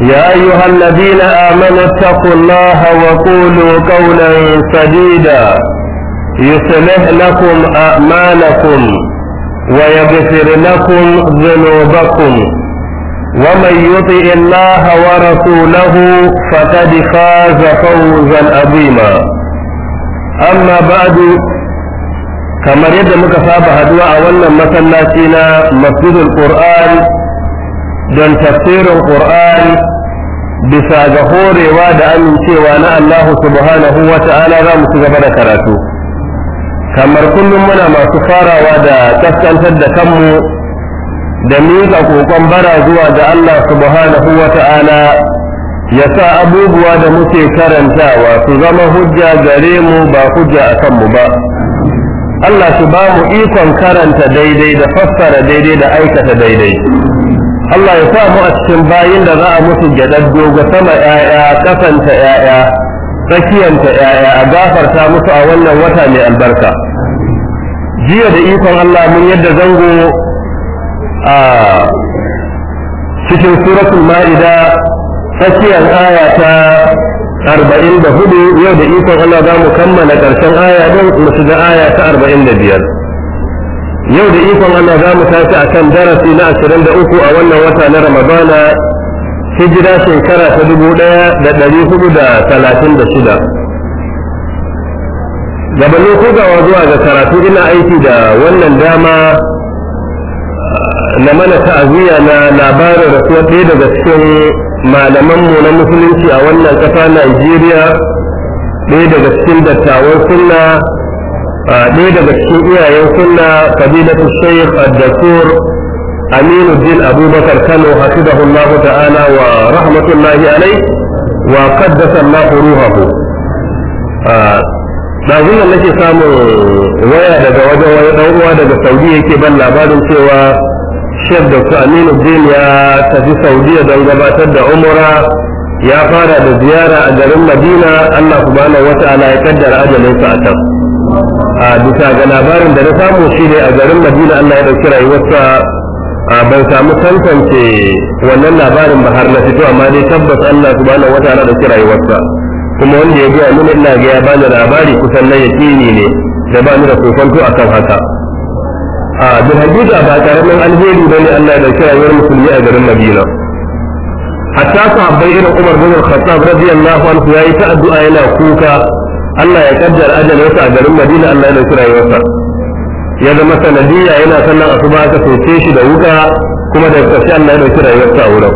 يا أيها الذين آمنوا اتقوا الله وقولوا قولا سديدا يصلح لكم أعمالكم ويغفر لكم ذنوبكم ومن يطع الله ورسوله فقد فاز فوزا عظيما أما بعد كما يد مكفى بهدوء أولا مثلا مسجد القرآن don tafsirin Qur'an bisa ga horewa da amincewa na Allah subhanahu wa ta'ala za mu ci gaba da karatu kamar kullum muna masu farawa da kaskantar da kanmu da miƙa kokon bara zuwa ga Allah subhanahu wa ta'ala ya sa abubuwa da muke karantawa su zama hujja gare mu ba hujja a kanmu ba Allah su ba mu ikon karanta daidai da fassara daidai da aikata daidai Allah ya sa mu a cikin bayin da za a musu gadaddo ga sama ƴaƴa ƙasanta ƴaƴa tsakiyanta ƴaƴa a gafarta musu a wannan wata mai albarka jiya da ikon Allah mun yadda zango a cikin suratul ma'ida tsakiyar aya ta arba'in da hudu yau da ikon Allah za mu kammala ƙarshen aya don mu shiga aya ta arba'in da biyar yau da ikon Allah za mu tashi a kan darasi na ashirin da uku a wannan wata na Ramadana hijira shekara ta dubu ɗaya da ɗari hudu da talatin da shida. Gabanin kogawa zuwa ga karatu ina aiki da wannan dama eh, na mana ta'aziyya na labarin rasuwa ɗaya daga cikin malamanmu na musulunci a wannan ƙasa Najeriya ɗaya daga cikin dattawan sunna ɗaya daga cikin iyayen sunna fadilatu shaykh ad-dakur aminuddin abubakar kano hafidahullah ta'ala wa rahmatullahi alai wa qaddasa allah ruhahu ɗazin da nake samun waya daga wajen wani ɗan uwa daga saudi yake ban labarin cewa shek dr aminuddin ya tafi saudiya don gabatar da umura ya fara da ziyara a garin madina allah subhanahu wa ta'ala ya kaddara ajalinsa a can a bisa ga labarin da na samu shi ne a garin madina allah ya ɗauki rayuwarsa a ban samu tantance wannan labarin ba har na fito amma dai tabbas allah subhanahu wa ta'ala ɗauki rayuwarsa kuma wanda ya gaya mini ina ga ya bani labari kusan na yakini ne da ba ni da kokonto akan haka a bin hakika ba karamin alheri ba ne Allah da kirayar musulmi a garin Madina hatta sahabbai irin Umar bin Khattab radiyallahu anhu yayi ta addu'a yana kuka Allah ya kaddar ajalinsa a garin Madina Allah ya dauki rayuwarsa ya zama sanadiyya yana sallan asuba aka soke shi da wuka kuma da ƙarshe Allah ya dauki rayuwarsa a wurin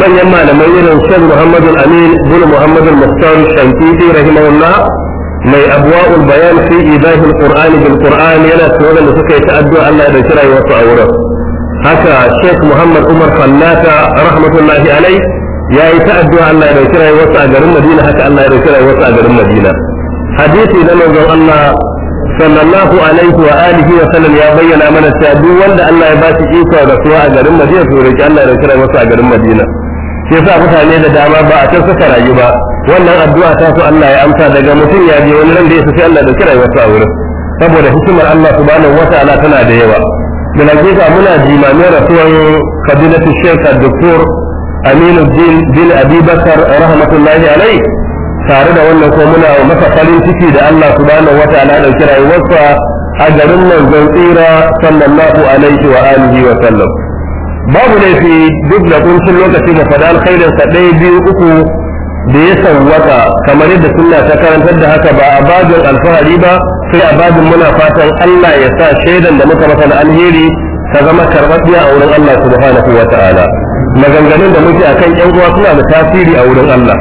manyan malamai irin Sheikh Muhammad Al-Amin bin Muhammad Al-Muhtar Shankiti rahimahullah mai abwa'ul bayan fi ibahil qur'ani bil qur'ani yana tsoron da suka yi ta'addu'a Allah ya dauki rayuwarsa a wurin haka Sheikh Muhammad Umar Fallata rahmatullahi alai ya yi ta'addu'a Allah ya dauki rayuwarsa a garin Madina haka Allah ya dauki rayuwarsa a garin Madina hadisi na manzon Allah sallallahu alaihi wa alihi wa sallam ya bayyana mana cewa duk wanda Allah ya ba shi iko a garin Madina to roki Allah ya kira masa a garin Madina shi yasa mutane da dama ba a can rayu ba wannan addu'a ta so Allah ya amsa daga mutum ya je wani ran da yasa sai Allah da kira masa a wurin saboda hikimar Allah wata wataala tana da yawa da hakika muna jimamin rasuwan kabilatu Sheikh Dr. Aminu bin Abibakar Bakar rahmatullahi alaihi tare da wannan ko muna masa farin ciki da Allah subhanahu wa ta'ala da kira wasa a garin manzon tsira sallallahu alaihi wa alihi wa sallam babu laifi duk da sun lokaci da fadal khairin sa ɗaya biyu uku da ya sawwaka kamar yadda sunna ta karantar da haka ba a babin alfahari ba sai a babin muna fatan Allah ya sa shaidan da muka masa na alheri ta zama karɓaɓɓiya a wurin Allah subhanahu wa ta'ala maganganun da muke akan yan uwa suna da tasiri a wurin Allah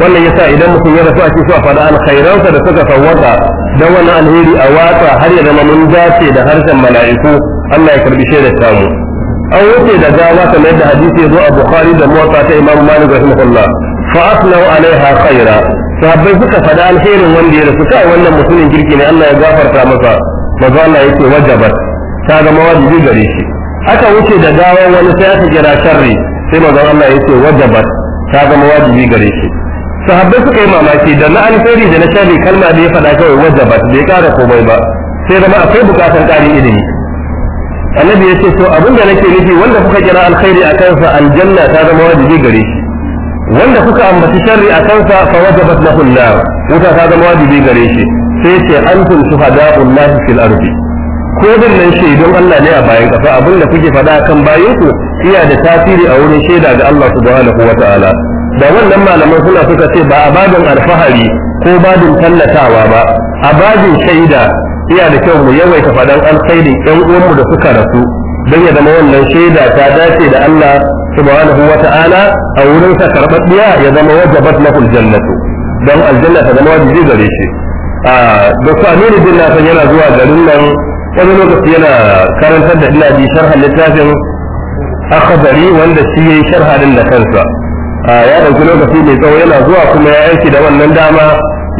wannan yasa idan mutum ya rasu a cikin a faɗa alkhairansa da suka sawwata da wani alheri a watsa har ya zama mun dace da harshen mala'iku Allah ya karbi shaidar tamu an wuce da gawa kamar yadda hadisi ya zo a bukhari da muwatta ta imam malik rahimahullah fa aslau alaiha khaira sahabbai suka faɗa alherin wanda ya rasu kai wannan mutumin kirki ne Allah ya gafarta masa maza Allah yake wajabat ta zama wajibi gare shi aka wuce da gawa wani sai aka kira sharri sai maza Allah yake wajabat ta zama wajibi gare shi sahabbai suka yi mamaki da na alheri da na shari kalma da ya faɗa kawai wajabat bai ƙara komai ba sai zama akwai bukatar ƙarin ilimi annabi ya ce to abin da nake nufi wanda kuka kira alheri a kansa aljanna ta zama wajibi gare shi wanda kuka ambaci shari a kansa fa wajabat lahu nar wuta ta zama wajibi gare shi sai ce antum shuhada'un nas fil ardi ko dan nan shaidun Allah ne a bayan kafa abin da kuke faɗa kan bayanku iya da tasiri a wurin shaida ga Allah subhanahu wa ta'ala da wannan malaman suna suka ce ba a alfahari ko babin tallatawa ba a babin shaida iya da kyau mu yawaita fadan alkhairi ɗan uwanmu da suka rasu don ya zama wannan shaida ta dace da Allah subhanahu wa ta'ala a wurin sa karɓaɓɓiya ya zama wajabat na jannatu don aljanna ta zama wajibi gare shi a dokta aminu bin nasan yana zuwa garin nan wani lokaci yana karantar da ina bi sharhan littafin akhbari wanda shi yayi sharha da kansa ya ɗauki lokaci mai tsawo yana zuwa kuma ya aiki da wannan dama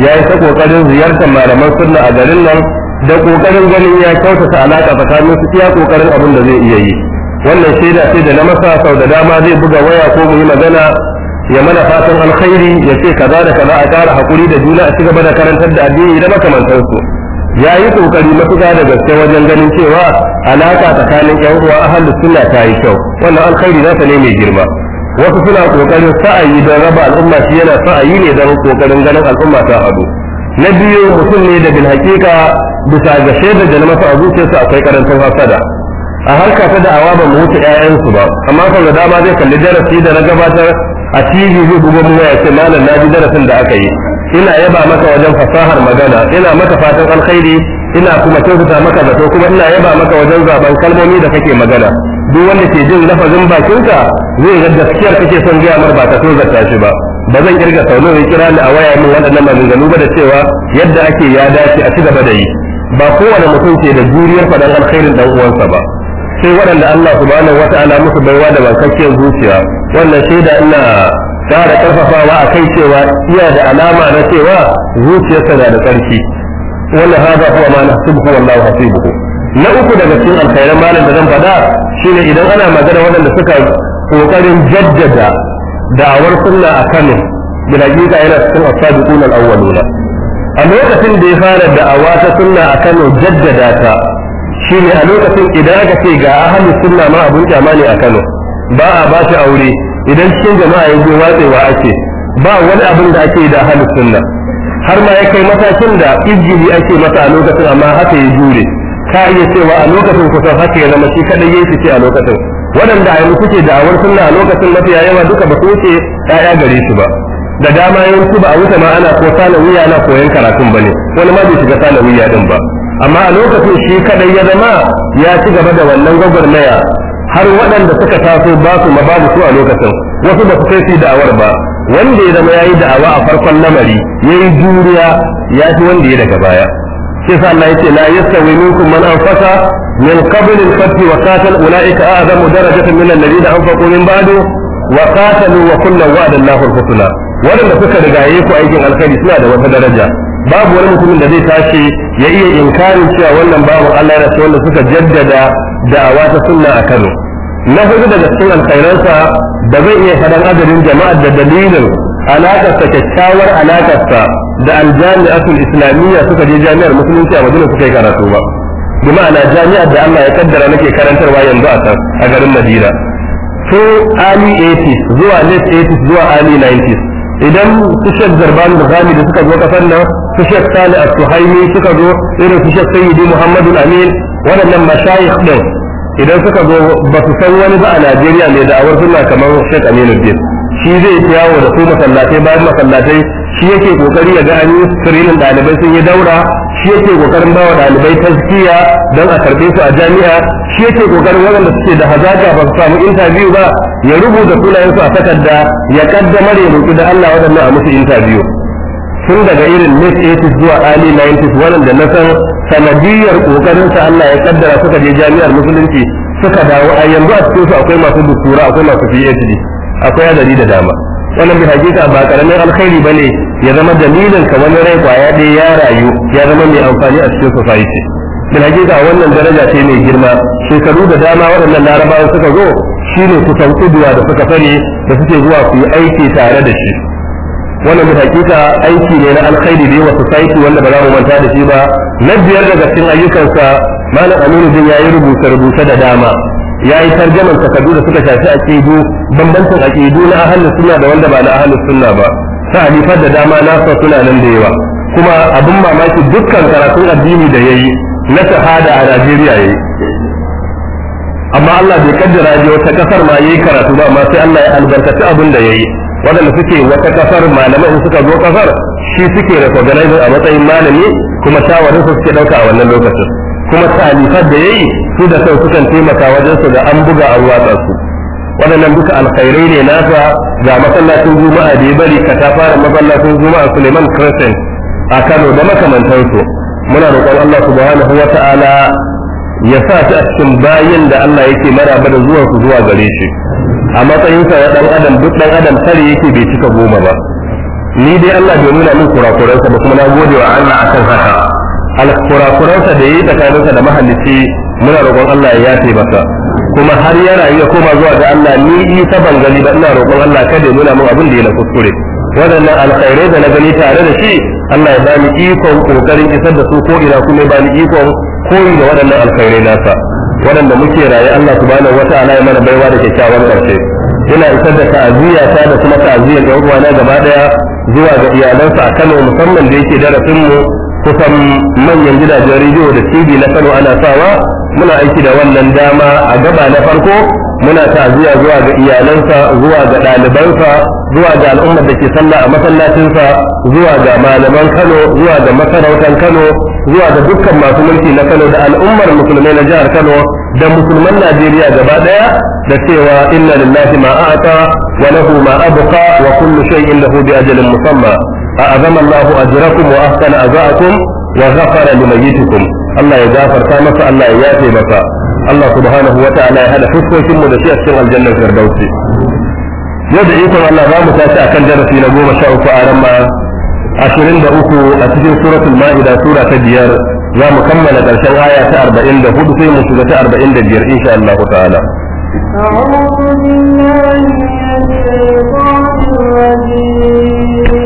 ya yi ta kokarin ziyartar malaman sunna a garin nan da kokarin ganin ya kyautata alaka tsakanin su iya kokarin abin da zai iya yi wannan shaida ce da na masa sau da dama zai buga waya ko mu yi magana ya mana fatan alkhairi ya ce kaza da kaza a ƙara hakuri da juna a cigaba da karantar da addini da makamantansu ya yi kokari matuƙa da gaske wajen ganin cewa alaƙa tsakanin yan uwa ahlus sunna ta yi kyau wannan alkhairi za ta ne mai girma wasu suna kokarin sa'ayi don raba al'umma shi yana sa'ayi ne don kokarin ganin al'umma ta hadu na biyu mutum ne da bin hakika bisa ga shaidar da na masa a akwai karancin hasada a harka ta da'awa ba mu wuce 'ya'yansu ba amma kan da dama zai kalli darasi da na gabatar a tv zai bugo mu ya ce malam na ji darasin da aka yi ina yaba maka wajen fasahar magana ina maka fatan alkhairi ina kuma kyautata maka zato kuma ina yaba maka wajen zaben kalmomi da kake magana duk wanda ke jin lafazin bakinka zai ga gaskiyar kake son gaya mar ba ta so zata shi ba ba zan kirga sauno ya kira ni a waya min waɗannan maganganu ba da cewa yadda ake ya dace a ci gaba da yi ba kowane mutum ke da juriyar faɗan alkhairin dan uwansa ba sai waɗanda Allah subhanahu wata'ala musu baiwa da bankakkiyar zuciya wannan shaida ina tsara karfafawa a kai cewa iya da alama na cewa zuciyarsa na da ƙarfi wannan haza huwa ma subhanahu wallahu hasibuhu na uku daga cikin alkhairan malam da zan fada shine idan ana magana waɗanda suka kokarin jaddada da'awar sunna a kano gida-gida yana cikin asabiqun al-awwaluna a lokacin da ya fara da'awa ta sunna a kano jaddada ta shine a lokacin idan aka ce ga ahli sunna ma abun kyama ne a kano ba a ba shi aure idan cikin jama'a ya je watsewa ake ba wani abin da ake da ahli sunna har ma ya kai matakin da izgili ake masa a lokacin amma haka ya jure ka iya cewa a lokacin kusan haka ya zama shi kadai yayi fice a lokacin waɗanda a yi suke da'awar sunna a lokacin mafiya yawa duka ba su wuce ƴaƴa gare su ba da dama yawanci ba a wuce ma ana ko salawiya na koyan karatun ba ne wani ma bai shiga salawiya din ba amma a lokacin shi kadai ya zama ya ci gaba da wannan gwagwarmaya har waɗanda suka taso ba su ma babu su a lokacin wasu ba su kai su da'awar ba wanda ya zama ya yi da'awa a farkon lamari ya yi juriya ya fi wanda ya daga baya shi sa Allah yace la yastawi minkum man anfasa min qabl al-fath wa qatal ulaika a'zamu darajatan min alladhina anfaqu min ba'du wa qatalu wa kullu wa'ada Allahu al-husna suka rigaye ku aikin alkhairi suna da wata daraja babu wani mutumin da zai tashi ya iya inkarin cewa wannan babu Allah ya rasu wanda suka jaddada da'awa ta sunna a Kano na hudu daga cikin alkhairansa da zai iya faɗan adadin jama'ar da dalilin alaƙarsa kyakkyawar alaƙarsa da aljami'atul islamiyya suka je jami'ar musulunci a madina suka yi karatu ba bi ma'ana jami'ar da Allah ya kaddara nake karantarwa yanzu a can a garin Madina to Ali 80 zuwa late 80 zuwa Ali 90 idan su Sheikh Zarban da suka zo kasar nan su Sheikh Salih suhaimi suka zo irin su Sheikh Sayyidi Muhammadu Amin waɗannan mashayikh din idan suka zo ba su san wani ba a Najeriya mai da'awar sunna kamar Aminu Aminuddin shi zai yawo da su masallatai bayan masallatai shi yake kokari ya gani sirrin dalibai sun yi daura shi yake kokarin bawa dalibai tazkiya don a karbe su a jami'a shi yake kokarin waɗanda suke da hazaka ba su samu interview ba ya rubuta sunayen su a takarda ya kaddamar ya roki da Allah waɗannan a musu interview tun daga irin late 80s zuwa early 90s waɗanda na san sanadiyar kokarin sa Allah ya kaddara suka je jami'ar musulunci suka dawo a yanzu a cikin su akwai masu doktora akwai masu PhD akwai adadi da dama wannan bi hakika ba karamin alkhairi bane ya zama dalilin ka wani rai kwaya dai ya rayu ya zama mai amfani a cikin society bil hakika wannan daraja ce mai girma shekaru da dama waɗannan larabawa suka zo shine kusan kuduwa da suka fare da suke zuwa su yi aiki tare da shi wannan bil hakika aiki ne na alkhairi da society wanda ba za mu manta da shi ba na biyar daga cikin ayyukansa malam aminu bin yayi rubuta-rubuta da dama ya yi tarjaman takardu da suka shafi akidu bambancin aƙidu na ahlus sunna da wanda ba na ahlus sunna ba ta'alifar da dama nasa suna nan da yawa kuma abin mamaki dukkan karatun addini da yayi na shahada a Najeriya yayi amma Allah bai kaddara ya wata kasar ma yayi karatu ba amma sai Allah ya albarkaci abin da yayi wadanda suke wata kasar malamai in suka zo kasar shi suke recognizing a matsayin malami kuma shawarin su suke dauka a wannan lokacin kuma talifar da yayi su da sau sukan taimaka wajen su ga an buga a watsa su waɗannan duka alkhairai ne nasa ga masallacin juma'a da ya bari ka ta fara masallacin juma'a suleiman crescent a kano da makamantansu muna roƙon allah subhanahu wa ta'ala ya sa ta a cikin bayin da allah yake maraba da zuwan su zuwa gare shi a matsayinsa ya ɗan adam duk ɗan adam tare yake bai cika goma ba ni dai allah bai nuna min kurakuransa ba kuma na gode wa allah akan haka alkurakuransa da ya yi tsakaninsa da mahallici muna roƙon allah ya yafe masa kuma har yana yi ya koma zuwa ga Allah ni isa ban gani ba ina roƙon Allah kada ya nuna min abin da ya kuskure waɗannan alkhairai da na gani tare da shi Allah ya bani ikon kokarin isar da su ko ina kuma ya bani ikon koyi da waɗannan alkhairai nasa waɗanda muke raye Allah subhanahu wata'ala ya mana baiwa da kyakkyawan ƙarshe ina isar da ta'aziyya ta da kuma ta'aziyyar uwa uwana gaba ɗaya zuwa ga iyalansa a Kano musamman da yake darasin mu kusan manyan gidajen rediyo da TV na Kano ana sawa muna aiki da wannan dama a gaba na farko muna ta'aziyya zuwa ga iyalansa zuwa ga ɗalibansa zuwa ga al'ummar da ke sallah a masallacinsa zuwa ga malaman Kano zuwa ga masarautan Kano zuwa ga dukkan masu mulki na Kano da al'ummar musulmai na jihar Kano da musulman Najeriya gaba ɗaya da cewa inna lillahi ma a'ata wa lahu ma abqa wa kullu shay'in lahu bi ajalin musamma a'azama Allahu ajrakum wa ahsana azaakum wa ghafara limayyitikum Allah ya gafarta masa Allah ya yafe masa Allah subhanahu wa ta'ala ya hada fuskokin mu da shi a cikin aljannar firdausi yau da ikon Allah za mu tashi akan darasi na goma sha uku a ran ashirin da uku a cikin suratun ma'ida sura ta biyar za mu kammala ƙarshen aya ta arba'in da hudu sai mu shiga ta arba'in da biyar insha Allah ta'ala. أعوذ بالله من الشيطان الرجيم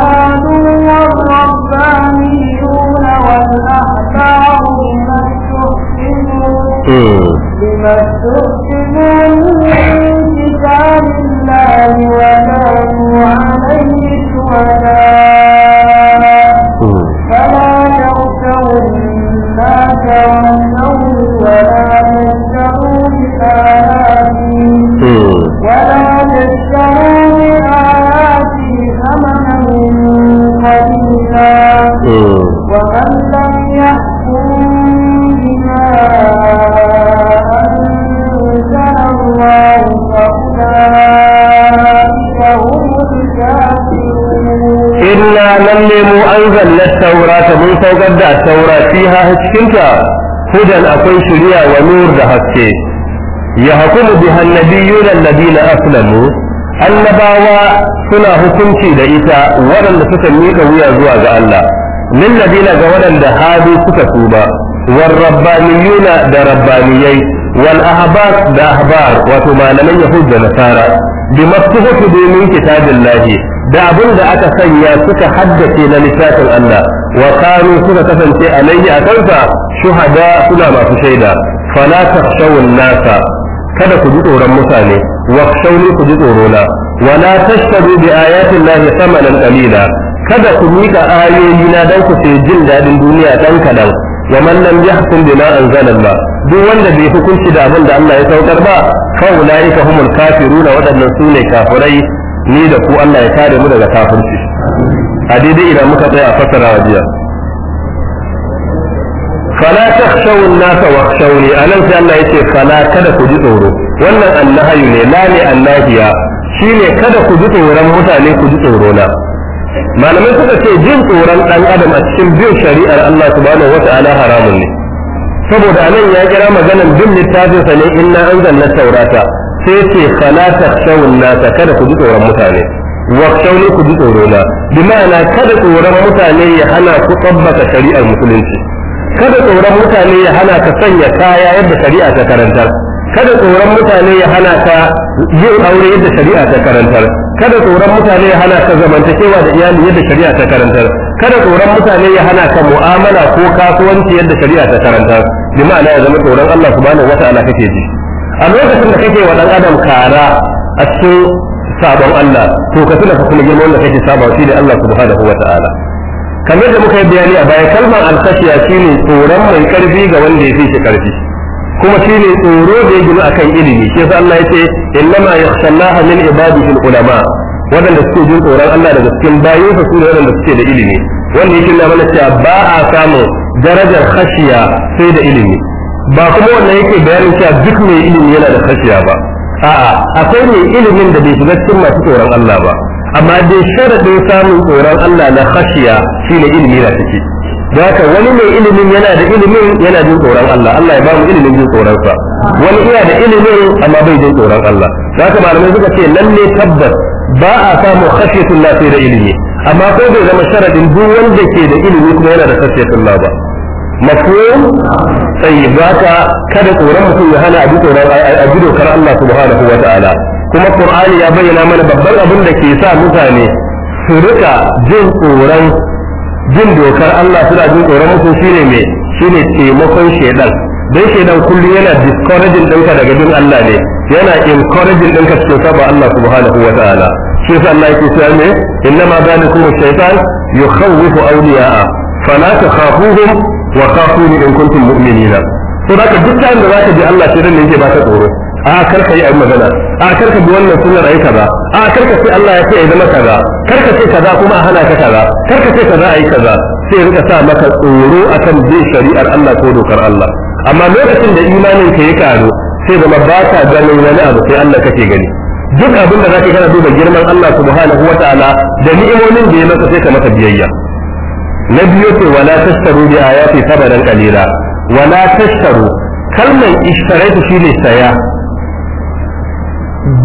بما استخدموا من كتاب الله وكانوا عليه شهداء فلا تغتروا الناس واهتروا ولا تشتروا بآياتي ولا تشتروا بآياتي ثمنا قليلا ومن لم يحكم بما الله فأولئك هم الكافرون إلا من لم أنزل التوراة من فوقد التوراة فيها هتشكنتا هدى أقوي شريع ونور دهكي يحكم بها النبيون الذين أسلموا annabawa suna hukunci da ita waɗanda suka miƙa wuya zuwa ga Allah lilladina ga waɗanda hadu suka tuba warrabbaniyuna da rabbaniyai wal ahbab da ahbar wato malaman yahud da nasara bi maftuhu domin kitabin lahi da abin da aka sanya suka haddace na lissafin Allah wa kanu suka kasance alayhi a kansa shuhada suna masu shaida fala takhshawun nasa kada ku ji tsoron mutane wa khshawni ku ji tsorona wala tashtaru bi ayati llahi thamanan qalila kada ku mika ayoyi na dan ku sai jin dadin duniya dan kadan wa man lam yahkum bima anzalallah duk wanda bai hukunci da abin da Allah ya saukar ba fa ulaika humul kafiruna waɗannan su ne kafirai ni da ku Allah ya kare mu daga kafirci a daidai idan muka tsaya a fasara wajiya fala takhshaw an-nasa wakhshawni anan sai Allah yace fala kada ku ji tsoro wannan annahayu ne la ne annahiya shine kada ku ji tsoron mutane ku ji tsoro na malamai suka ce jin tsoron dan adam a cikin bin shari'ar Allah subhanahu wata'ala haramun ne saboda anan ya kira maganan duk littafin sa ne inna anzalna taurata sai ce fala na ta kada ku ji tsoron mutane wa shawun ku ji tsoro na bi ma'ana kada tsoron mutane ya hana ku tabbata shari'ar musulunci kada tsoron mutane ya hana ka sanya kaya yadda shari'a ta karantar kada tsoron mutane ya hana ka yin aure yadda shari'a ta karantar kada tsoron mutane ya hana ka zamantakewa da iyali yadda shari'a ta karantar kada tsoron mutane ya hana ka mu'amala ko kasuwanci yadda shari'a ta karantar bi ma'ana ya zama tsoron Allah subhanahu wata'ala kake ji a lokacin da kake wa dan adam kara a cikin sabon Allah to ka tuna ka kuma girman da kake saba shi da Allah subhanahu wata'ala kamar da muka yi bayani a baya kalmar alkashiya shine tsoron mai karfi ga wanda ya fi shi karfi kuma shine tsoro da ya gina akan ilimi shi yasa Allah yace innama yakhshallaha min ibadihi ulama wadanda suke jin tsoron Allah daga cikin bayinsa su ne wadanda suke da ilimi wanda yake na mana cewa ba a samu. darajar khashiya sai da ilimi ba kuma wannan yake bayanin cewa duk mai ilimi yana da khashiya ba a'a akwai mai ilimin da bai shiga cikin masu tsoron Allah ba amma da sharadin samun tsoron Allah na khashiya shine ilimi na ciki da haka wani mai ilimin yana da ilimin yana jin tsoron Allah Allah ya ba mu ilimin jin tsoron sa wani iya da ilimin amma bai jin tsoron Allah da haka malamai suka ce lalle tabbas ba a samu khashiyatullah sai da ilimi amma ko bai zama sharadin duk wanda ke da ilimi kuma yana da khashiyatullah ba mafhum sai baka kada tsoron mutum ya hana abu tsoron a ji dokar Allah subhanahu wa ta'ala kuma qur'ani ya bayyana mana babban abin da ke sa mutane su rika jin tsoron jin dokar Allah suna jin tsoron mutum shine me shine taimakon shedan dan shedan kullum yana discouraging ɗinka daga jin Allah ne yana encouraging dinka su saba Allah subhanahu wa ta'ala shi yasa Allah yake cewa ne inna ma zalikum shaytan yukhawwifu awliya'a fala takhafuhum wa khafuni in kuntum mu'minina to da duk da da zaka ji Allah sai ne yake baka tsoro a kar ka yi ayi magana a kar ka bi wannan sunnar ayi kaza a kar ka ce Allah ya ce ayi zama kaza kar ka ce kaza kuma a hana ka kaza kar ka ce kaza ayi kaza sai rika sa maka tsoro a kan bin shari'ar Allah ko dokar Allah amma lokacin da imanin ka ya karu sai zama ba ka ganin wani abu sai Allah kake gani duk abin da zaka kana duba girman Allah subhanahu wataala da ni'imomin da ya maka sai ka masa biyayya na biyo ce wala tashtaru bi ayati sabaran qalila wala tashtaru kalman ishtaraitu shine saya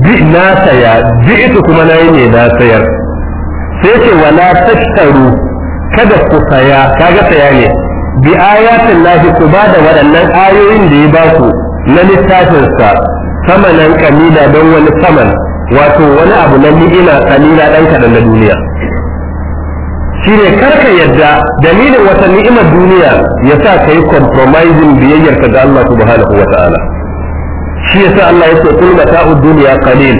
bi na saya bi ita kuma na yi ne na sayar sai ce wala tashtaru kada ku saya kaga saya ne bi ayatin lahi ku ba da waɗannan ayoyin da ya ba ku na littafinsa samanan kalila don wani saman wato wani abu na ni'ima kalila dan kadan na duniya shine karka yadda dalilin wata ni'imar duniya ya sa ka yi compromising biyayyarka ga Allah subhanahu wa ta'ala shi yasa Allah ya ce kul mata'ud dunya qalil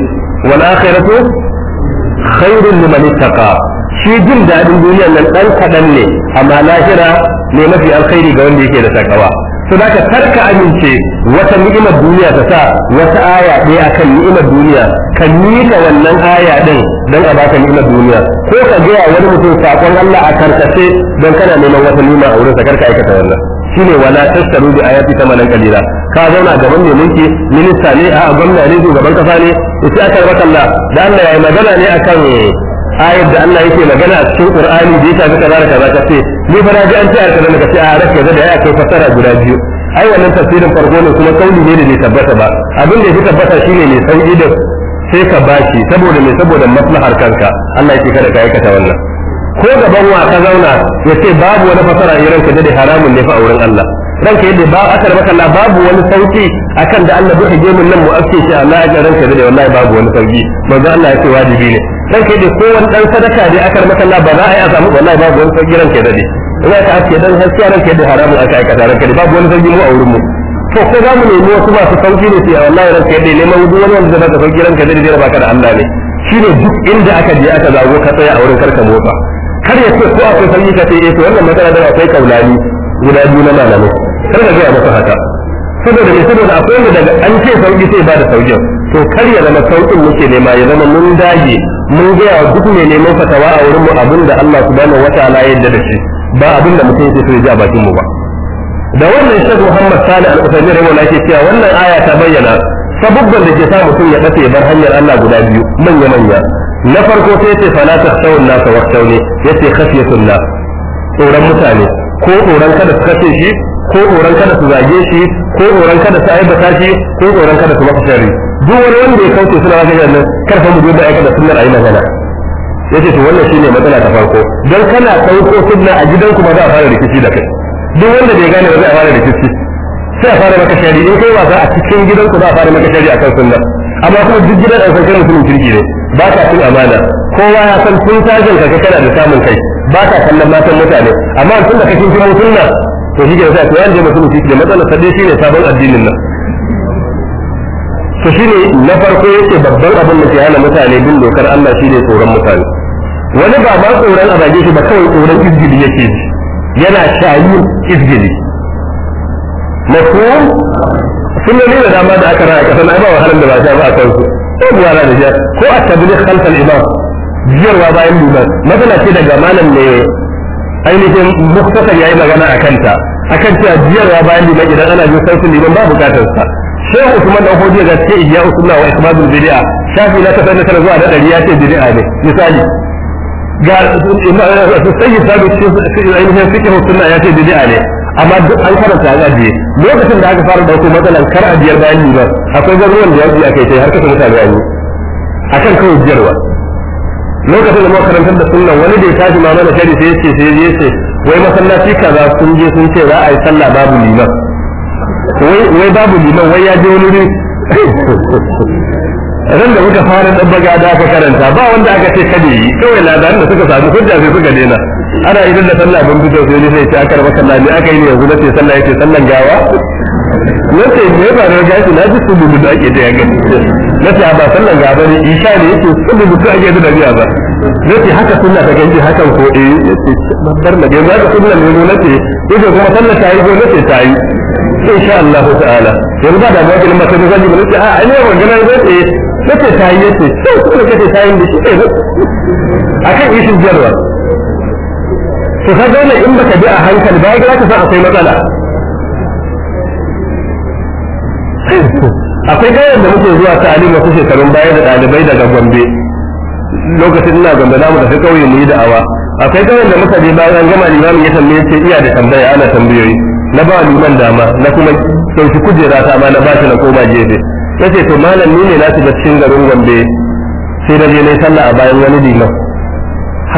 wal akhiratu khairun liman ittaqa shi jin dadin duniyar nan dan kadan ne amma lahira ne mafi alkhairi ga wanda yake da takawa su da karka amince wata ni'imar duniya ta sa wata aya ɗaya akan ni'imar duniya ka miƙa wannan aya ɗin don a baka ni'imar duniya ko ka ga wani mutum sakon Allah a karkace dan kana neman wata ni'ima a wurin sa karka aikata wannan shine wala tashtaru bi ayati tamanan kalila ka zauna gaban mai mulki minista ne a gwamna ne gaban kasa ne sai aka rabata Allah da Allah ya yi magana ne akan ayar da Allah yake magana a cikin Qur'ani da yake ga kaza kaza ka ce ni fa ji an ce a kaza ka ce a rake da ya kai fasara guda biyu ai wannan tafsirin farko ne kuma kauli ne da ne tabbata ba abin da ya tabbata shine ne sauki da sai ka bashi saboda me saboda maslahar kanka Allah yake kada ka aikata wannan ko gaban wa ka zauna ya ce babu wani fasara irin ka da haramun ne fa a wurin Allah ranka yadda ba aka maka Allah babu wani sauki akan da Allah duka gemin nan mu afke shi Allah ya ranka da wallahi babu wani sauki manzo Allah ya ce wajibi ne dan kai da kowanne dan sadaka ne akar masalla ba za a yi a samu wallahi babu wani sarki ranke da ne za ka ake dan haskiya ke da haramun aka aikata ranke da babu wani sarki mu a wurin mu to ko za mu nemi wasu masu sauki ne su wallahi ran ke da neman duk wani wanda zaka sauki ke da ne baka da Allah ne shine duk inda aka je aka zago ka tsaya a wurin karka motsa kar ya ce ko akwai sarki ka ce eh to wannan matsala da akwai kaulani guda biyu na malamai kar ka ga masa haka saboda ne saboda akwai wanda daga an ce sauki sai ba da saukin to kar ya zama saukin muke nema ya zama mun dage mun ga wa duk mai neman fatawa a wurin mu abinda Allah subhanahu wataala ya yarda da shi ba abinda mutum yake so ya ji a bakin mu ba da wannan shi Muhammad Sani al-Usaimi rahimahullah yake cewa wannan aya ta bayyana sabubban da ke sa mutum ya dace bar hanyar Allah guda biyu manya manya na farko sai yace fala tahsawun nas wa yace khafiyatun nas tsoron mutane ko tsoron kada su kashe shi ko tsoron kada su zage shi ko tsoron kada su aibata shi ko tsoron kada su masa duk wani wanda ya kauce suna maka kar fa mu da aikata sunnar ayi magana yace to wannan shine matsala ta farko dan kana sauko sunna a gidanku ba za a fara rikici da kai duk wanda bai gane ba za a fara rikici sai a fara maka shari in kai wasa a cikin gidanku za a fara maka shari akan sunna amma kuma duk gidan an san kai mutumin kirki ne ba ka cin amana kowa ya san tun tajin ka kana da samun kai ba ka kallon matan mutane amma tun da kake cikin sunna to shi ke sai to yanzu mutum shi ke matsala sa shi ne sabon addinin nan to shine na farko yake babban abin da ke hana mutane bin dokar Allah shine tsoron mutane wani ba ma tsoron a bage shi ba kawai tsoron izgili yake ji yana shayin izgili sun nuna da dama da aka raya kasan na ba wahalar da ba ta ba a kansu ko na da shi ko a tabbili khalfal imam jiyarwa bayan liman matsala ce daga malam ne ainihin muktasan yayi magana a kanta akan cewa jiyarwa bayan liman idan ana jin sautin liman ba bukatar sa shehu usman dan hodiya ga ce iya usulla wa ikmadul bid'a shafi na kasar nasara zuwa da dari ya ce bid'a ne misali ga sayyid ce ainihin fikihu sunna ya ce bid'a ne amma duk an karanta an ajiye lokacin da aka fara dauko matsalar kar ajiyar bayan liman akwai garuruwan da ya ji akai sai har kasa mutane a kan kawai jiyarwa lokacin da makarantar da sunna wani da ya tashi ma mana shari sai yace sai yace wai masallaci kaza sun je sun ce za a yi sallah babu liman wai wai babu liman wai ya je wani ne ran da muka fara dan baga da aka karanta ba wanda aka ce kade yi kawai labarin da suka samu hujja sai suka daina ana idan da sallah ban fito sai ne sai ta aka raba sallah ne aka yi ne yanzu nace sallah yake sallan gawa nace me ba da gashi na ji su da ake da ya gani nace ba sallan ya bane isha ne yake kudu mutu ake da biya ba nace haka sunna ta ganji haka ko eh yace babbar na ga da sunna ne nace idan kuma sallar ta yi ko nace ta yi insha Allah ta'ala yanzu ba da ga kalma ta zan yi nace a ai wannan ganin zai ce nace ta yi yace sai kuma kace ta yi da shi eh, akan ishin jarwa to ka zauna in baka bi a hankali ba ya ga ka san akwai matsala akwai kayan da muke zuwa ta alima wasu shekarun baya da ɗalibai daga gombe lokacin ina gombe namu mu tafi ƙauye mu yi da'awa akwai kayan da muka je bayan an gama limamin ya tambaye ce iya da tambaya ana tambayoyi na ba liman dama na kuma sauki kujera ta ma na ba shi na koma gefe ya ce to malam ni ne na shiga cikin garin gombe sai na je na sallah a bayan wani liman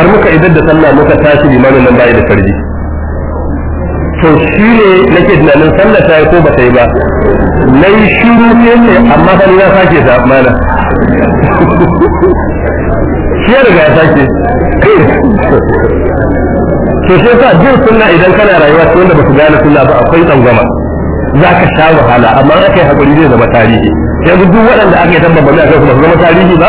har muka idar da sallah muka tashi limamin nan baya da farji to shi ne nake tunanin sallah ta yi ko ba ta yi ba na yi shiru ne ne amma sani na sake ta mana shi ya riga ya sake to shi sa jin suna idan kana rayuwa su wanda su gane suna ba akwai tsangwama za ka sha wahala amma ka yi haƙuri zai zama tarihi yanzu duk waɗanda aka yi tabbar bane a kai kuma su zama tarihi ba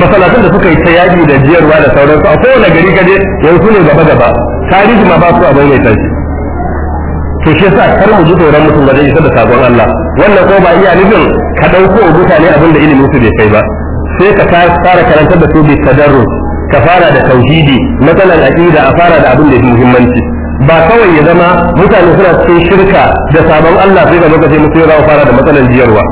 masalatan da suka yi ta yaji da jiyarwa da sauransu a kowane gari kaje yanzu ne gaba gaba tarihi ma ba su a mai tarihi to shi yasa kar mu ji tsoron mutum wajen isa da sabon Allah wannan ko ba iya nufin ka dauko mutane abin da ilimin su bai kai ba sai ka fara karanta da su bi tadarru ka fara da tauhidi matsalar aqida a fara da abin da yake muhimmanci ba kawai ya zama mutane suna cikin shirka da sabon Allah sai ga lokaci mutum ya fara da matsalar jiyarwa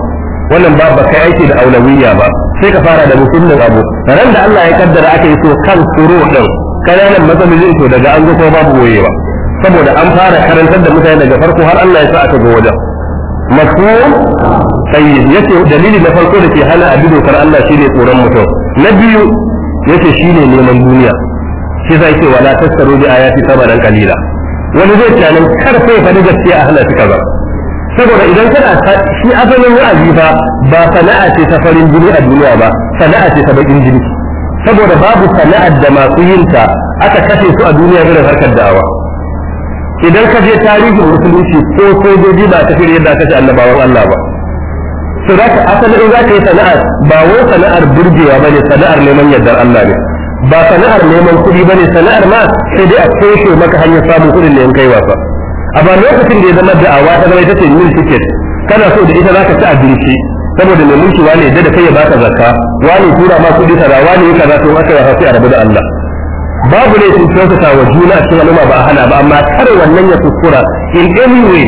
wannan ba ba kai aiki da aulawiyya ba sai ka fara da musulmin abu ran da Allah ya kaddara aka yi so kan suru din kananan matsalolin to daga an zo ko babu goyewa saboda an fara karantar da mutane daga farko har Allah ya sa aka ga wajen mafhum tayyib yace dalili na farko da ke hana abi dokar Allah shine tsoron mutum na biyu yace shine neman duniya shi zai ce wala tasaru bi ayati sabaran kalila wani zai tunanin kar sai fa gaskiya a hana shi kaza saboda idan kana shi asalin wa'azi ba ba sana'a ce ta farin jini a duniya ba sana'a ce ta bakin jini saboda babu sana'ar da masu yinta aka kashe su a duniya irin harkar da'awa idan ka je tarihin musulunci ko sojoji ba ta shirya da kashe annabawan Allah ba to za ka asali in za ka yi sana'ar ba wai sana'ar burgewa ba ne sana'ar neman yardar Allah ne ba sana'ar neman kuɗi ba ne sana'ar ma sai dai a toshe maka hanyar samun kuɗin da yan kai wasa ba lokacin da ya zama da'awa ta zama ita ce mil ticket kana so da ita za ka ci abinci saboda mai mulki wani da kai ya baka zakka wani tura ma kuɗi kaza wani yi kaza to aka yi a rabu da Allah babu ne sun kyautata wa juna a cikin al'umma ba a hana ba amma kar wannan ya kuskura in any way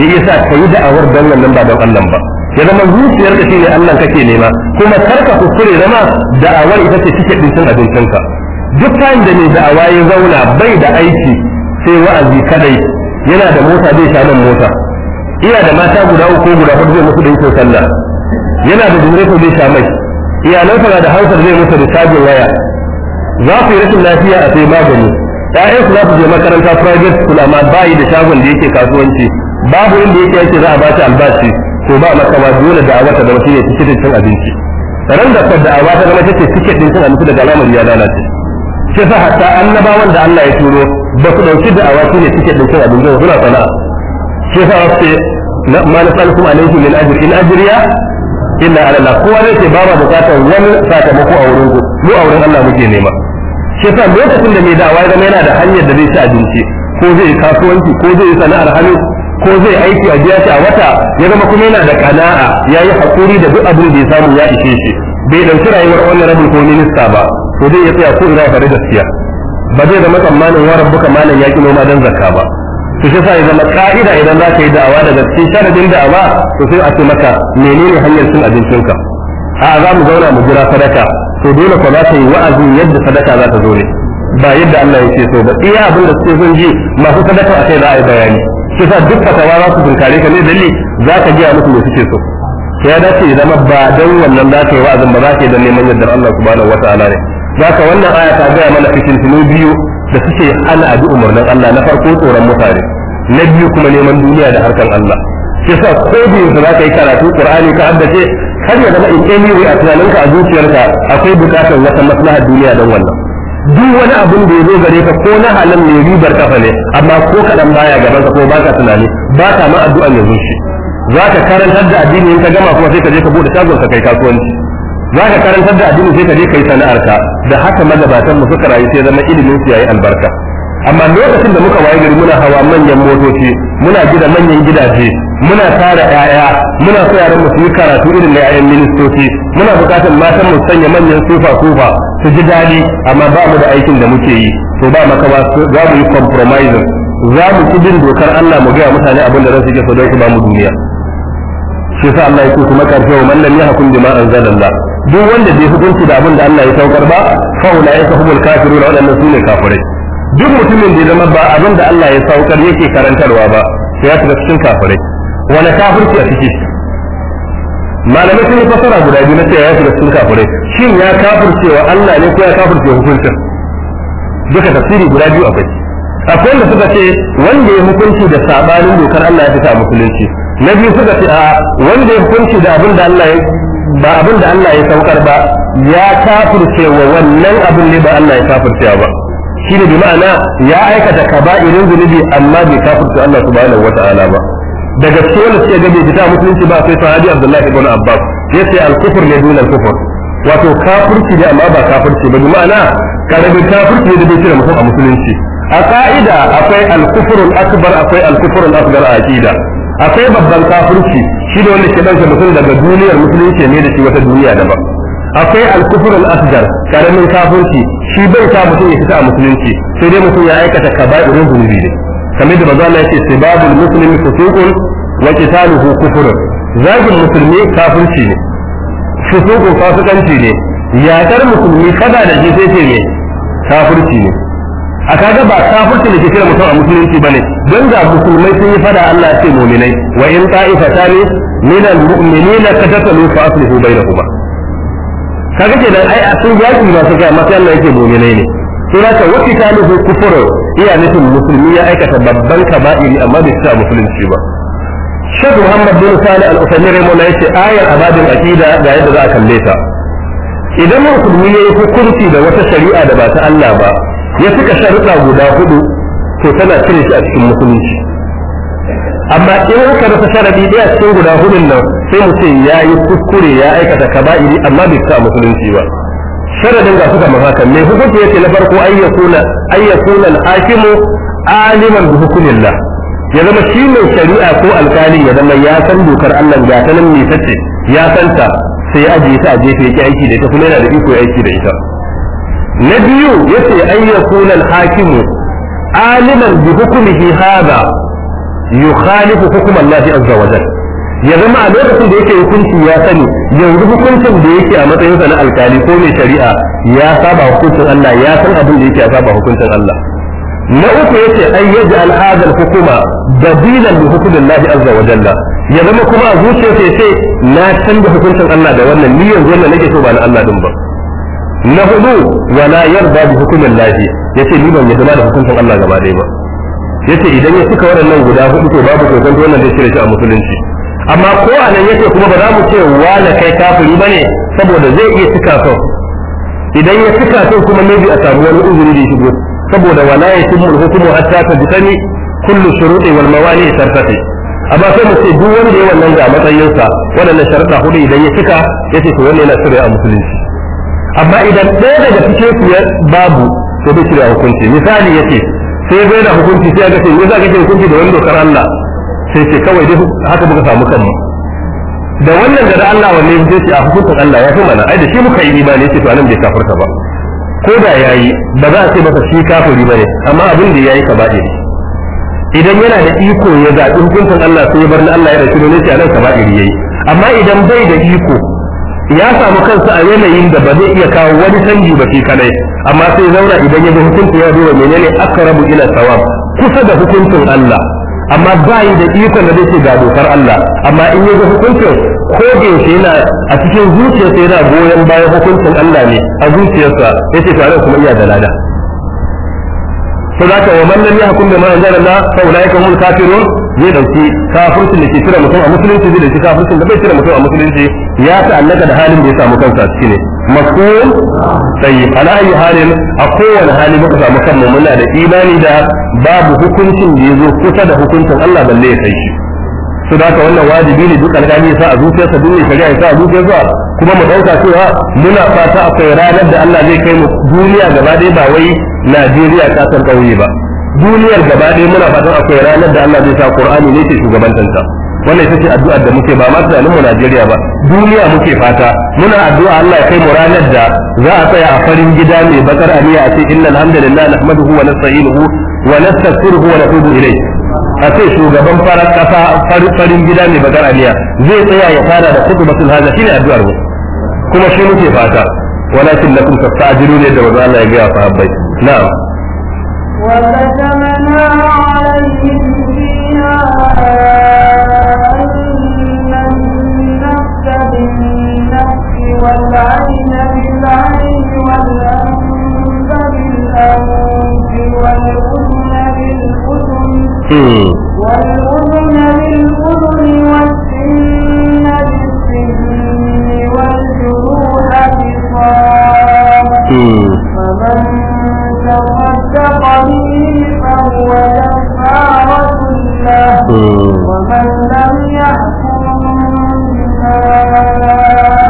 ya yi sa ka yi da'awar don wannan ba don Allah ba ya zama zuciyar ka shine Allah kake nema kuma kar ka kuskure zama da'awar ita ce kike abincin abincinka duk time da mai da'awa ya zauna bai da aiki sai wa'azi kadai yana da mota zai sha nan mota iya da mata guda uku guda hudu zai musu da yake sallah yana da jimreto zai sha mai iyalansa na da hansar zai musu da cajin waya za su yi rashin lafiya a sai magani ƴaƴan su za su je makaranta private school amma bayi da shagon da yake kasuwanci babu inda yake yake za a ba shi albashi to ba ba dole da awata da wasu ne cikin cin abinci ran da da awata da wasu ce cikin din cin abinci daga alamar ya lalace ke sa hatta annabawan da Allah ya turo ba su dauki da awata ne cikin din cin abinci suna sana'a ke sa wasu ma na kuma alaihi min ne in ajiriya illa ala Allah kowa ne ke ba ba bukatar wani sakamako a wurin ku mu a wurin Allah muke nema shi yasa lokacin da mai dawa ya zama yana da hanyar da zai ci abinci ko zai yi kasuwanci ko zai yi sana'ar hannu ko zai aiki a biya shi a wata ya zama kuma yana da kana'a ya yi hakuri da duk abin da ya samu ya ishe shi bai ɗauki rayuwar wannan rabin ko minista ba to zai ya tsaya ko ina ya da gaskiya ba zai zama tsammanin wa rabbuka malam ya ki noma don zakka ba to shi yasa ya zama ka'ida idan za ka yi da'awa da cikin sharadin da'awa to sai a ce maka menene hanyar cin abincinka a'a za mu zauna mu jira sadaka to dole ko za ta yi wa'azi yadda sadaka za ta zo ne ba yadda Allah yake so ba iya abin da suke son ji masu sadaka akai za a yi bayani shi sa duk fatawa za su tunkare ka ne dalili za ka ji musu me suke so to ya dace ya zama ba dan wannan za ka yi wa'azin ba za ka yi dan neman yadda Allah subhanahu wataala ne za ka wannan aya ta gaya mana fitintinu biyu da suke hana abi umarnin Allah na farko tsoron mutane na biyu kuma neman duniya da harkan Allah shi sa ko biyu za ka yi karatu Qur'ani ka haddace har ya zama in anyway a tunaninka a zuciyarka akwai bukatar wata maslahar duniya don wannan duk wani abin da ya zo gare ka ko na halin mai ribar kafa ne amma ko kaɗan baya gaban ka ko ba ka tunani ba ka ma addu'a ya zo shi za ka karantar da addini in ka gama kuma sai ka je ka bude shagon ka kai kasuwanci za ka karantar da addini sai ka je ka yi sana'arka da haka magabatan mu suka rayu sai zama ilimin su yayi albarka amma lokacin da muka waye gari muna hawa manyan motoci muna gida manyan gidaje muna tara ƴaƴa muna so yaran mu su yi karatu irin da ƴaƴan ministoci muna buƙatar matan mu sanya manyan sufa sufa su ji daɗi amma ba mu da aikin da muke yi to ba makawa za mu yi compromise za mu ci bin dokar Allah mu gaya mutane abin da zasu su so don su ba mu duniya shi yasa Allah ya ce kuma karshe wa man lam yahkum bima anzalallah duk wanda bai hukunci da abin da Allah ya saukar ba fa ulaika humul kafirun annasu ne kafirai duk mutumin da ya zama ba abin da Allah ya saukar yake karantarwa ba sai ya tafi cikin kafirai wani kafirci a ciki malamai sun yi fasara guda biyu na cewa ya shiga cikin kafirai shin ya kafirce wa Allah ne ko ya kafirce hukuncin duka tafsiri guda biyu akwai akwai wanda suka ce wanda ya hukunci da sabanin dokar Allah ya fita musulunci na biyu suka ce a wanda ya hukunci da abin da Allah ya ba abin da Allah ya saukar ba ya kafirce wa wannan abin ne ba Allah ya kafirce ba shine bi ma'ana ya aikata kaba'irin zunubi amma bai kafirce Allah subhanahu wata'ala ba daga cikin wanda suke gabe fita musulunci ba sai sahabi abdullahi ibn abbas sai al-kufr ne dole al-kufr wato kafirci ne amma ba kafirci ba ma'ana karamin kafirci ne da bai cire mutum a musulunci a ka'ida akwai al-kufr al-akbar akwai al-kufr al-asghar a ka'ida akwai babban kafirci shi ne wanda ke dauke mutum daga duniyar musulunci ne da shi wata duniya daban akwai al-kufr al-asghar karamin kafirci shi bai ta mutum ya fita a musulunci sai dai mutum ya aikata kaba'irin zunubi ne kamar da maza Allah ya ce sibabul muslimi fusuqun wa qitaluhu kufrun zagin musulmi kafirci ne fusuqun fasikanci ne yaƙar musulmi kada da jefe ce ne kafirci ne a kaga ba kafirci da ke kira mutum a musulunci ba ne don ga musulmai sun yi fada Allah ya ce muminai wa in ta'ifata ne minal mu'minina katatalu fa aslihu bainahuma kaga kenan ai a sun yaƙi ba su ga masu Allah yake muminai ne sai haka wata kaluhu kufurin iya nufin musulmi ya aikata babban kaba'iri amma bai sa musulunci ba Sheikh Muhammad bin Sani Al-Usaimi ya yace ayar abadin akida ga yadda za a kalle ta idan musulmi ya yi hukunci da wata shari'a da ba ta Allah ba ya suka sharuɗa guda hudu to tana cire shi a cikin musulunci amma in aka rasa sharadi ɗaya cikin guda hudun nan sai mu ce ya yi kuskure ya aikata kaba'iri amma bai sa musulunci ba sharadin ga suka mahakan mai hukunci yace na farko ayyakuna ayyakuna al-hakimu aliman bi hukmillah ya zama shi mai shari'a ko alkali ya zama ya san dokar Allah ga ta nan ne tace ya san ta sai ajiye ta a jefe yake aiki da ita kuma yana da iko aiki da ita na biyu yace ayyakuna al-hakimu aliman bi hukmihi hada yukhalifu hukm Allah azza wa jalla ya zama a lokacin da yake hukunci ya sani yanzu hukuncin da yake a matsayinsa na alkali ko mai shari'a ya saba hukuncin Allah ya san abin da yake a saba hukuncin Allah na uku yace an yaji al'adar hukuma dabilan bi hukumin Allah azza wa jalla ya zama kuma a zuciyarsa yace na canza hukuncin Allah da wannan ni yanzu wannan nake so ba na Allah din ba na hudu wala yarda bi hukumin Allah yace ni ban yarda da hukuncin Allah gaba ɗaya ba yace idan ya cika waɗannan guda hudu to babu kokon wannan zai cire shi a musulunci amma ko a nan yake kuma ba za mu ce wala kai kafiri ba ne saboda zai iya cika son idan ya cika son kuma maybe a samu wani uzuri da shigo saboda wala ya tumu hukumu hatta ta dukani kullu shuruɗi wal mawani tartafi amma sai mu ce duk wanda ya wannan ga matsayinsa waɗannan sharuɗa hudu idan ya cika ya ce to wannan yana shirya a musulunci amma idan ɗaya daga cikin su babu to bai shirya hukunci misali ya ce sai bai da hukunci sai ya ga sai me za ka hukunci da wani dokar Allah sai ce kawai dai haka muka samu kanmu da wannan da Allah wanne ya ce a hukuncin Allah ya fi mana ai da shi muka yi imani ce to anan bai kafirta ba ko da yayi ba za a ce masa shi kafiri bane amma abin da yayi ka bade idan yana da iko ya zaɓi hukuncin Allah sai ya bar na Allah ya rasu ne a anan ka bade yayi amma idan bai da iko ya samu kansa a yanayin da ba zai iya kawo wani canji ba shi kadai amma sai zauna idan ya ga hukuncin ya zo menene akrabu ila sawab kusa da hukuncin Allah amma ba yi da ikon da zai ga dokar Allah amma in ya ga hukuncin ko da yake yana a cikin zuciyarsa yana goyon bayan hukuncin Allah ne a zuciyarsa ce to kuma iya da lada saboda wa man lam yahkum bima anzalallah fa ulaika humul kafirun zai dauki kafircin da ke cire mutum a musulunci zai dauki kafircin da bai cire mutum a musulunci ya ta'allaka da halin da ya samu kansa ciki ne mafhum sai ala ayi halin a kowane hali muka samu kanmu muna da imani da babu hukuncin da ya zo kusa da hukuncin Allah balle ya kai shi su da haka wannan wajibi ne duk alƙali ya sa a zuciyarsa duk ne shari'a ya sa a zuciyarsa kuma mu ɗauka cewa muna fata akwai ranar da Allah zai kai mu duniya gaba ɗaya ba wai Najeriya kasar ƙauye ba duniyar gaba ɗaya muna fatan akwai ranar da Allah zai sa Qur'ani ne ke shugabantanta wannan ita ce addu'ar da muke ba ma tunanin mu Najeriya ba duniya muke fata muna addu'a Allah ya kai mu ranar da za a tsaya a farin gida mai bakar aniya a ce innal hamdalillah nahmaduhu wa nasta'inuhu wa nastaghfiruhu wa natubu ilayh a ce shugaban farar kasa farin gida mai bakar aliya zai tsaya ya fara da kutubatul hada shine addu'ar mu kuma shi muke fata walakin lakum tasta'jiluna da wanda Allah ya ga sahabbai na'am wa katamana alayhim fiha والعين بالعين والأنف بالأنف والأذن والأذن للأذن والسن بالسن والجروح قصاص فمن تصدق به فهو كفارة له ومن لم يحكم بما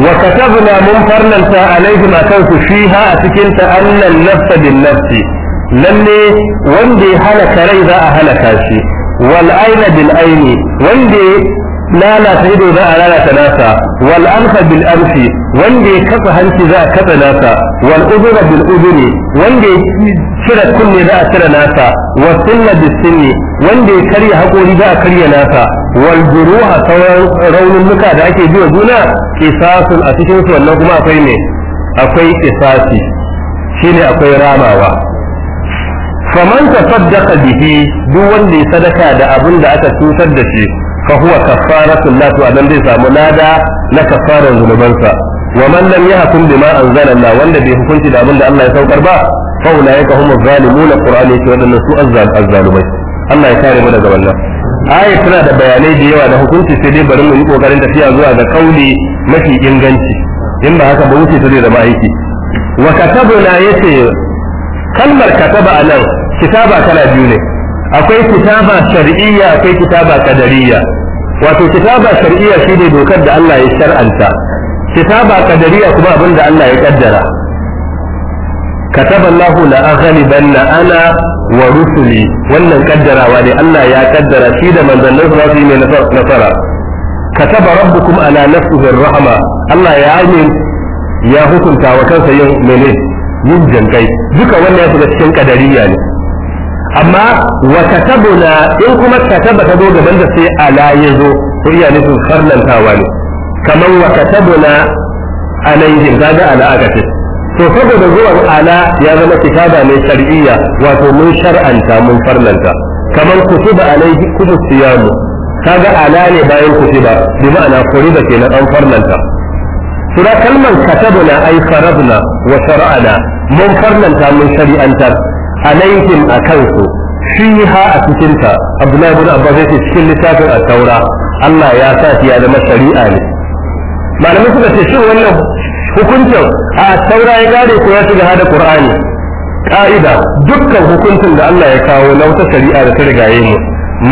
wa katabna mun farlanta alaihim akan su fiha a cikin ta annal nafsa bin lalle wanda ya halaka rai za a halaka shi wal aina bil aini wanda lalata ido za a lalata nasa wal amsa bil amsi wanda ya kafa hanci za a kafa nasa wal udura bil uduri wanda ya cire kunne za a cire nasa wa sunna bis sunni wanda ya karya hakori za a karya nasa wal juruha sauran raunin muka da ake biwa juna kisasun a cikin su wannan kuma akwai ne akwai kisasi shine akwai ramawa faman tasaddaqa bihi duk wanda ya sadaka da abin da aka cutar da shi fa huwa kafaratul la to dan zai samu lada na kafarar zunubansa wa man lam yahkum bima anzalna wanda bai hukunci da abin da Allah ya saukar ba fa ulaika humuz zalimun qur'ani ce wadannan su azzalumai Allah ya kare mu daga wannan aya tana da bayanai da yawa da hukunci sai dai bari mu yi kokarin tafiya zuwa ga kauli mafi inganci in ba haka ba wuce ta yace kalmar anan kitaba kala biyu ne akwai kitaba shar'iyya akwai kitaba wato kitaba shar'iyya shine dokar da Allah ya shar'anta kitaba qadariyya kuma abin da Allah ya kaddara كتب الله لأغلبن أنا ورسلي wannan kaddarawa ne Allah ya kaddara shi da manzannin su yi mai nasara kataba rabbukum ala nafsihi rahma Allah ya yi ya hukunta wa kansa yin mene yin duka wannan ya shiga cikin ƙadariya ne amma wa katabuna in kuma kataba ta zo gaban da sai ala ya zo to iya nufin farlantawa ne kamar wa katabuna alaihim kaga ala aka ce to saboda zuwan ala ya zama kitaba ne shar'iyya wato mun shar'anta mun farlanta kamar kutuba alaihi kubu siyamu kaga ala ne bayan kutuba bi ma'ana furiba kenan an farlanta sura kalmar katabuna ai farabna wa shar'ana mun farlanta mun shari'antar alaihim a kansu fiha a cikinta abdullahi ibn abbas yace cikin littafin at-taura Allah ya sa shi ya zama shari'a ne malamai suka ce shin wannan hukuncin a taura ya gare ko ya shiga hada qur'ani ka'ida dukkan hukuncin da Allah ya kawo na wata shari'a da ta rigaye mu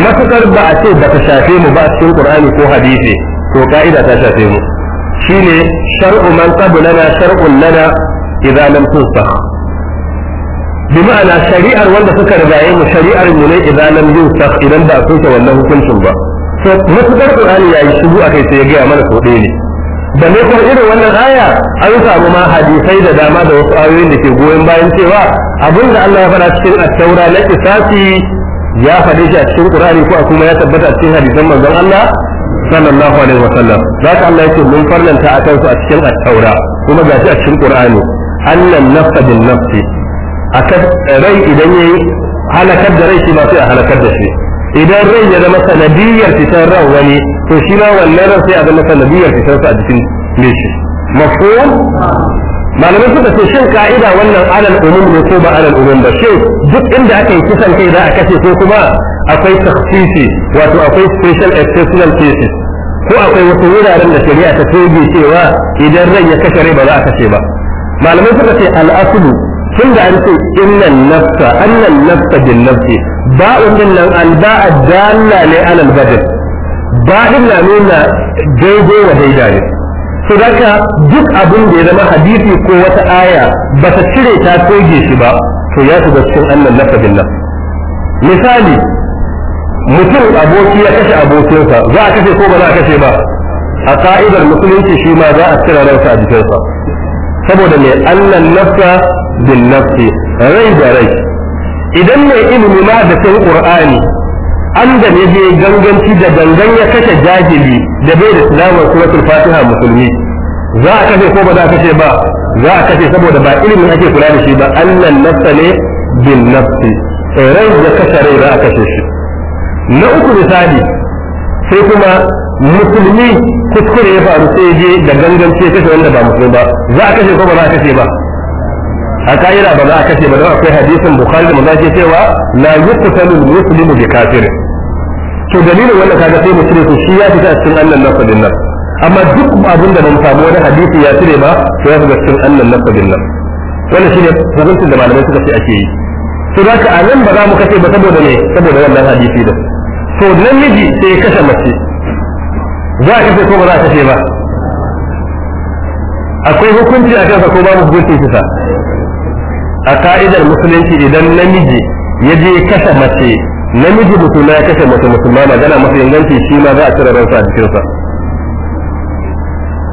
matukar ba a ce ba ta shafe mu ba a cikin qur'ani ko hadisi to ka'ida ta shafe mu shine shar'u man qablana shar'un lana idza lam tunsakh bi na shari'ar wanda suka rigaye mu shari'ar mu ne idan lam idan ba a soke wannan hukuncin ba so matukar ya yi shigo akai sai mana so ne da ne kuma irin wannan aya an samu ma hadisai da dama da wasu ayoyin da ke goyon bayan cewa abinda Allah ya faɗa cikin at-taura na kisasi ya faɗe shi a cikin qur'ani ko kuma ya tabbata a cikin hadisan manzon Allah sallallahu alaihi wasallam zaka Allah yake mun farlanta a kansu a cikin at-taura kuma gashi a cikin qur'ani annan nafsa bin nafsi akan rai idan yayi halakar da rai shi ba sai a halakar da shi idan rai ya zama sanadiyar fitar ran wani to shi ma wannan ran sai a zama sanadiyar fitar sa a jikin leshi shi mafhum malamai suka ce shin ka'ida wannan alal umum ne ko ba alal umum ba shin duk inda aka yi kisan kai za a kashe ko kuma akwai takhsisi wato akwai special exceptional cases ko akwai wasu wuraren da shari'a ta toge cewa idan rai ya kashe rai ba za a kashe ba malamai suka ce al'asulu tun da an ce innan nafsa annan nafsa bin nafsi ba'un din nan alba'a dalla ne alal badal ba'in na nuna daidai wa daidai ne to daga duk abin da ya zama hadisi ko wata aya ba ta cire ta toge shi ba to ya shiga cikin annan nafsa bin nafsi misali mutum aboki ya kashe abokinsa za a kashe ko ba za a kashe ba a ka'idar musulunci shi ma za a cire ransa a jikinsa saboda mai annan nafsa bin nafsi rai da rai idan mai ilimi ma da san qur'ani an da je ganganci da gangan ya kashe jahili da bai da tilawar suratul fatiha musulmi za a kashe ko ba za kashe ba za kashe saboda ba ilimin ake kula da shi ba annan nafsa ne bin nafsi rai da kashe rai za a kashe shi na uku misali sai kuma musulmi kuskure ya faru sai je da ganganci ya kashe wanda ba musulmi ba za a kashe ko ba za a kashe ba a ka'ira ba za a kashe ba don akwai hadisin bukhari da maza ke cewa la yuqtalu muslimu bi kafir to dalilin wannan kaga sai cire to shi ya fita cikin annan nasa nan amma duk abin da ban samu wani hadisi ya cire ba to ya fita cikin annan nasa din nan wannan shine hukuncin da malamai suka ce ake yi to zaka a nan ba za mu kashe ba saboda me saboda wannan hadisi da to namiji sai ya kashe mace za a kashe ko ba za a kashe ba akwai hukunci a kansa ko babu hukunci kisa a ka'idar musulunci idan namiji ya je kashe mace namiji musulma ya kashe mace musulma magana mafi inganci shi ma za a cire ransa a jikinsa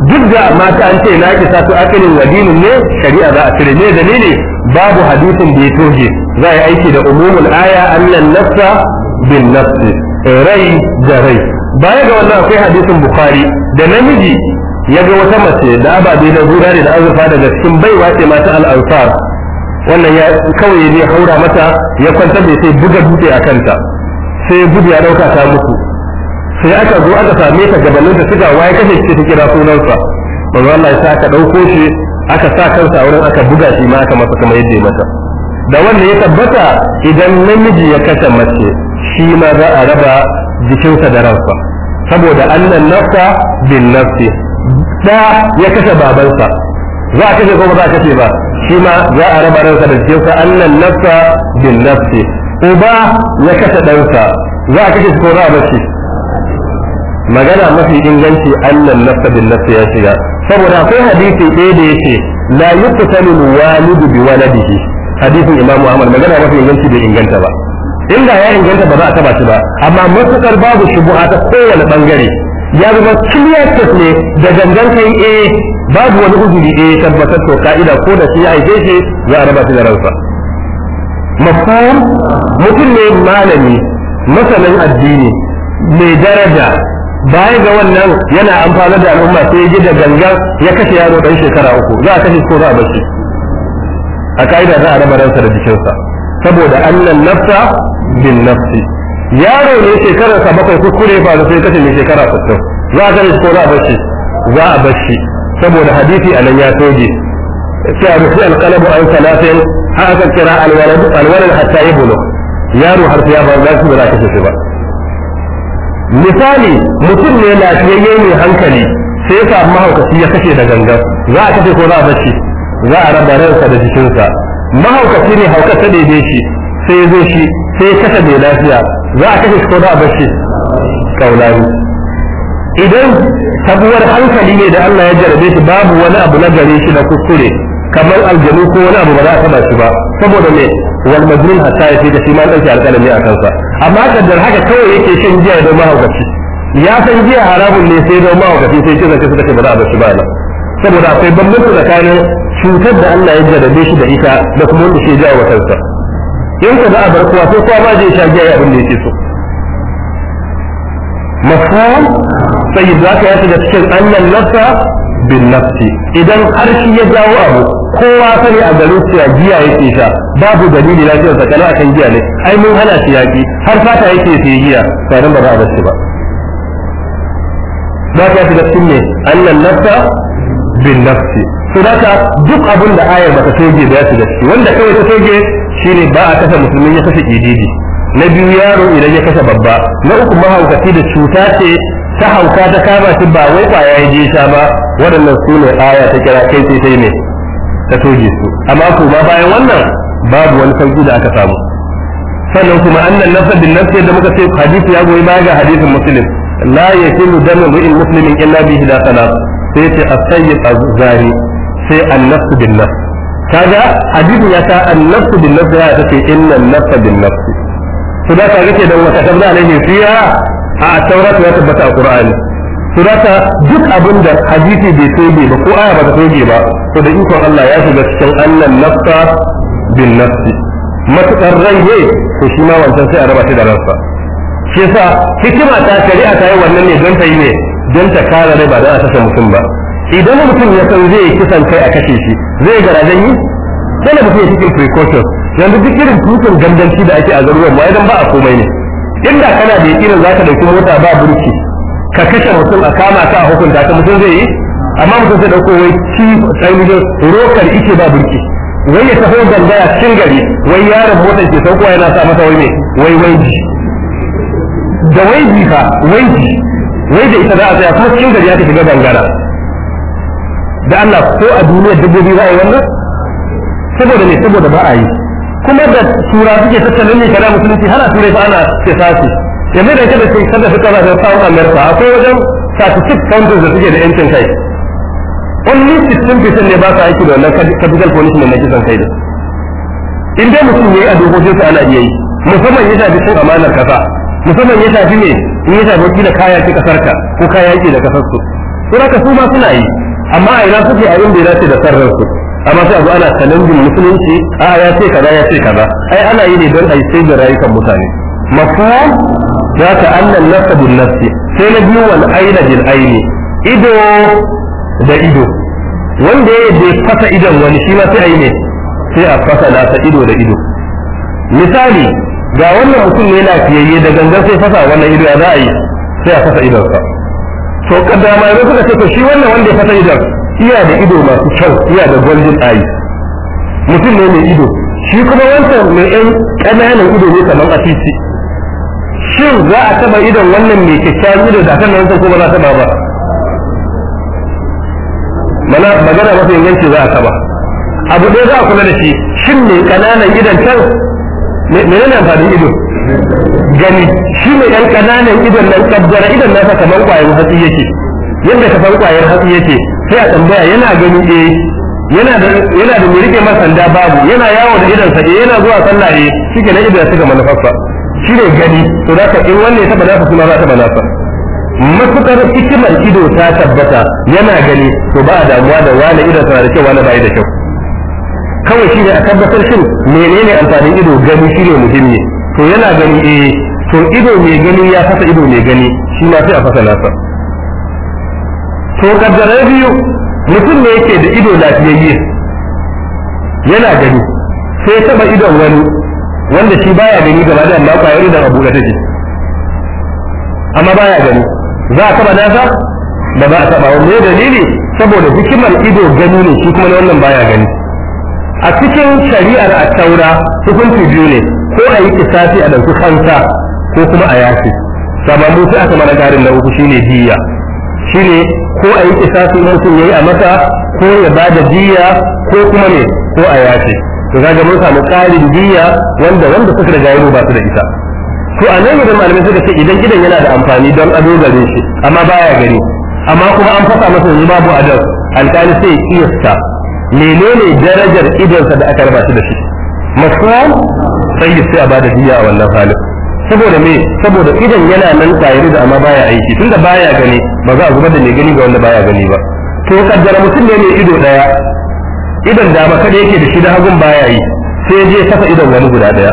duk da mata an ce na kisa su akalin wadinin ne shari'a za a cire ne dalili babu hadisin da ya toge za a yi aiki da umumul aya annan nafsa bin nafsi rai da rai baya ga wannan akwai hadisin bukhari da namiji ya ga wata mace da ababe na ne da azurfa daga cikin baiwa ce mata al-ansar wannan ya kawai ya haura mata ya kwantar da sai buga dutse a kanta sai gudu ya dauka ta mutu sai aka zo aka same ta gabanin da suka waye kashe shi ta kira sunansa manzo Allah ya sa aka dauko shi aka sa kansa wurin aka buga shi ma aka masa kamar yadda ya mata da wanda ya tabbata idan namiji ya kashe mace shi ma za a raba jikinsa da ransa saboda annan nafsa bin nafsi da ya kashe babansa za a kashe ko ba za a kashe ba shi ma za a raba ransa da jikinsa annan nafsa bin nafsi uba ya kashe ɗansa za a kashe ko za a bace magana mafi inganci annan nafsa bin nafsi ya shiga saboda ko hadisi ɗaya da yake la yuqtalu walidu bi waladihi hadisi imamu ahmad magana mafi inganci bai inganta ba inda ya inganta ba za a taba shi ba amma matukar babu shubuha ta kowane bangare ya zama clear ne da gangan kai eh, babu wani uzuri da ya tabbatar to ka'ida ko da shi ya aike shi za a raba shi da ransa mafhum mutum ne malami masanin addini mai daraja baya ga wannan yana amfana da al'umma sai ya ji da gangan ya kashe yaro dan shekara uku za a kashe ko za a bashi a ka'ida za a raba ransa da jikinsa saboda annan nafsa bin nafsi yaro ne shekarar sa bakwai kuskure ba da sai kashe mai shekara 60 za a kashe ko za a bashi za a bashi saboda hadisi a nan ya soje sai a rufi alƙalabu an salatin har aka kira alwalar hatta ya bulo yaro har sai ya ba za su ba za ba misali mutum ne lafiyayye ne hankali sai ya samu mahaukaci ya kashe da ganga za a kashe ko za a bace za a raba ransa da jikinsa mahaukaci ne haukarsa daidai shi sai ya zo shi sai ya kashe mai lafiya za a kashe ko za a bace kaulani idan tabuwar hankali ne da Allah ya jarabe shi babu wani abu na gare shi na kuskure kamar aljanu ko wani abu ba za a taba shi ba saboda me wal majnun hatta ya da shi ma dauki alƙalami a kansa amma kaddar haka kawai yake shan giya da mahaukaci ya san giya haramun ne sai a mahaukaci sai kira shi suka ce ba za a bar shi ba saboda akwai bambanci tsakanin cutar da Allah ya jarabe shi da ita da kuma wanda shi ya jawo in ka za a bar kowa sai kowa ba zai sha giya abin da yake so sai zaka ya shiga cikin annan nasa bin nafsi idan har shi ya jawo abu kowa sani a garin su giya yake sha babu dalili lafiyar sa kana akan giya ne ai mun hana shi yaki har fata yake sai giya sai ba za a bar shi ba zaka ya shiga cikin ne annan nafsa bin nafsi to daga duk abin da ayar bata soge ba ya shiga wanda kawai ta soge shine ba a kasa musulmin ya kashe kididi na biyu yaro idan ya kashe babba na uku mahaukaci da cuta ce ta hauka ta kama shi ba wai ba ya je sha ba waɗannan su ne aya ta kira kai sai sai ne ta toge su amma ko ba bayan wannan babu wani sauki da aka samu sannan kuma annan nafsa bin nafsi da muka ce hadisi ya goyi baya ga hadisin muslim la yakilu damu mu'min muslimin illa bihi da salat sai ce as-sayyid az-zari sai an-nafs bin Ta kaga hadisin ya ta an-nafs bin nafs ya ta ce inna an-nafs bin nafs to da kaga ke dan wata tabda alaihi fiya a taurata ya tabbata a qur'ani surata duk abin da hadisi bai toge ba ko aya ba ta toge ba to da ikon Allah ya shiga cikin annan nafsa bin nafsi matukar rai ne to shi ma wancan sai a raba shi da ransa shi yasa hikima ta shari'a ta yi wannan ne don ta yi ne don ta kare rai ba don a kashe mutum ba idan mutum ya san zai kisan kai a kashe shi zai garajen yi sai da mutum ya cikin precaution yanzu duk irin tutun ganganci da ake a garuruwan ma idan ba a komai ne inda kana da za zaka dauki mota ba burki ka kashe mutum a kama ka hukunta ka mutum zai yi amma mutum zai dauko wai ci ainihin rokar ike ba burki wai ya taho gangaya cikin gari wai yaron motar ke sauko yana sa masa wai ne wai wai ji da wai fa ka, wai da ita za a tsaya kuma cikin gari tafi shiga gangara da Allah ko a duniya dubbobi za a yi wannan saboda ne saboda ba a yi kuma da tura suke tattalin ne kada musulunci hana turai fa ana ke sashi yanzu da kada ke kada su kaza da South a akwai wajen 36 countries da suke da yancin kai only 16% ne ba sa aiki da wannan capital punishment na kisan kai da in dai mutum yi a dokokin sa ana iya yi musamman ya shafi cin amanar kasa musamman ya shafi ne in ya shafi wakilin kaya ki kasar ka ko kaya ke da kasar su sun haka su ma suna yi amma a ina suke a inda ya dace da sarrar amma sai abu ana bin musulunci a ya ce kaza ya ce kaza ai ana yi ne don yi sai da rayukan mutane mafhum za ka annan nafsa bin nafsi sai na biyu wani aina jin aini ido da ido wanda ya je fasa idon wani shi ma sai ai ne sai a fasa nasa ido da ido misali ga wannan mutum ne lafiyayye da gangan sai fasa wannan ido ya za a yi sai a fasa idonsa to kaddama yanzu suka ce to shi wannan wanda ya fasa idon iya da ido masu kyau iya da golden eye mutum ne mai ido shi kuma wancan mai yan ƙananan ido ne kamar a titi shin za a taba idon wannan mai kyakkyawan ido da kan wancan ko ba za taba ba mana magana mafi yanki za a taba abu ɗaya za a kula da shi shin mai ƙananan idon mai menene amfanin ido gani shi mai yan ƙananan idon nan ƙaddara idon nasa kamar ƙwayar hatsi yake yadda ka san ƙwayar hatsi yake sai a tambaya yana gani eh yana da yana da mai rike masanda babu yana yawo da idan sa eh, yana zuwa sallah eh shike na idan suka manufarsa shi ne gani to da ka in wanne ya taba nasa kuma za ta nasa matukar hikimar ido ta tabbata yana gani to ba a damuwa da wani idan sa da kyau wani bai da kyau kawai shi ne a tabbatar shin menene amfanin ido gani shi ne muhimmi to yana gani eh to ido mai gani ya fasa ido mai gani shi ma sai a fasa nasa to kaddara biyu mutum ne yake da ido lafiyayye yana gani sai taba idon wani wanda shi baya gani gaba da Allah amma kwayar da abu da take amma baya gani za a taba nasa da ba a taba wani dalili saboda hikimar ido gani ne shi kuma wannan baya gani a cikin shari'ar a taura hukunci biyu ne ko a yi kisafi a ɗauki kansa ko kuma a yafi sababu sai aka mana garin na uku shine diya shine ko a yi kisasi na mutum yayi a masa ko ya ba da jiya, ko kuma ne ko a yace to kaga mun samu ƙarin jiya wanda wanda suka da yaro ba su da isa. to a nan idan malamai suka ce idan gidan yana da amfani don ado gare shi amma baya gani amma kuma an fasa masa yanzu babu adab alƙali sai ya kiyasta menene darajar idonsa da aka raba shi da shi mafhum sai ya sai a bada jiya a wannan halin saboda me saboda idan yana nan tayari da amma baya aiki tunda baya gani ba za a zubar da mai gani ga wanda baya gani ba to kaddara mutum ne mai ido daya idan dama kada yake da shi da hagun baya yi sai je kafa idan wani guda daya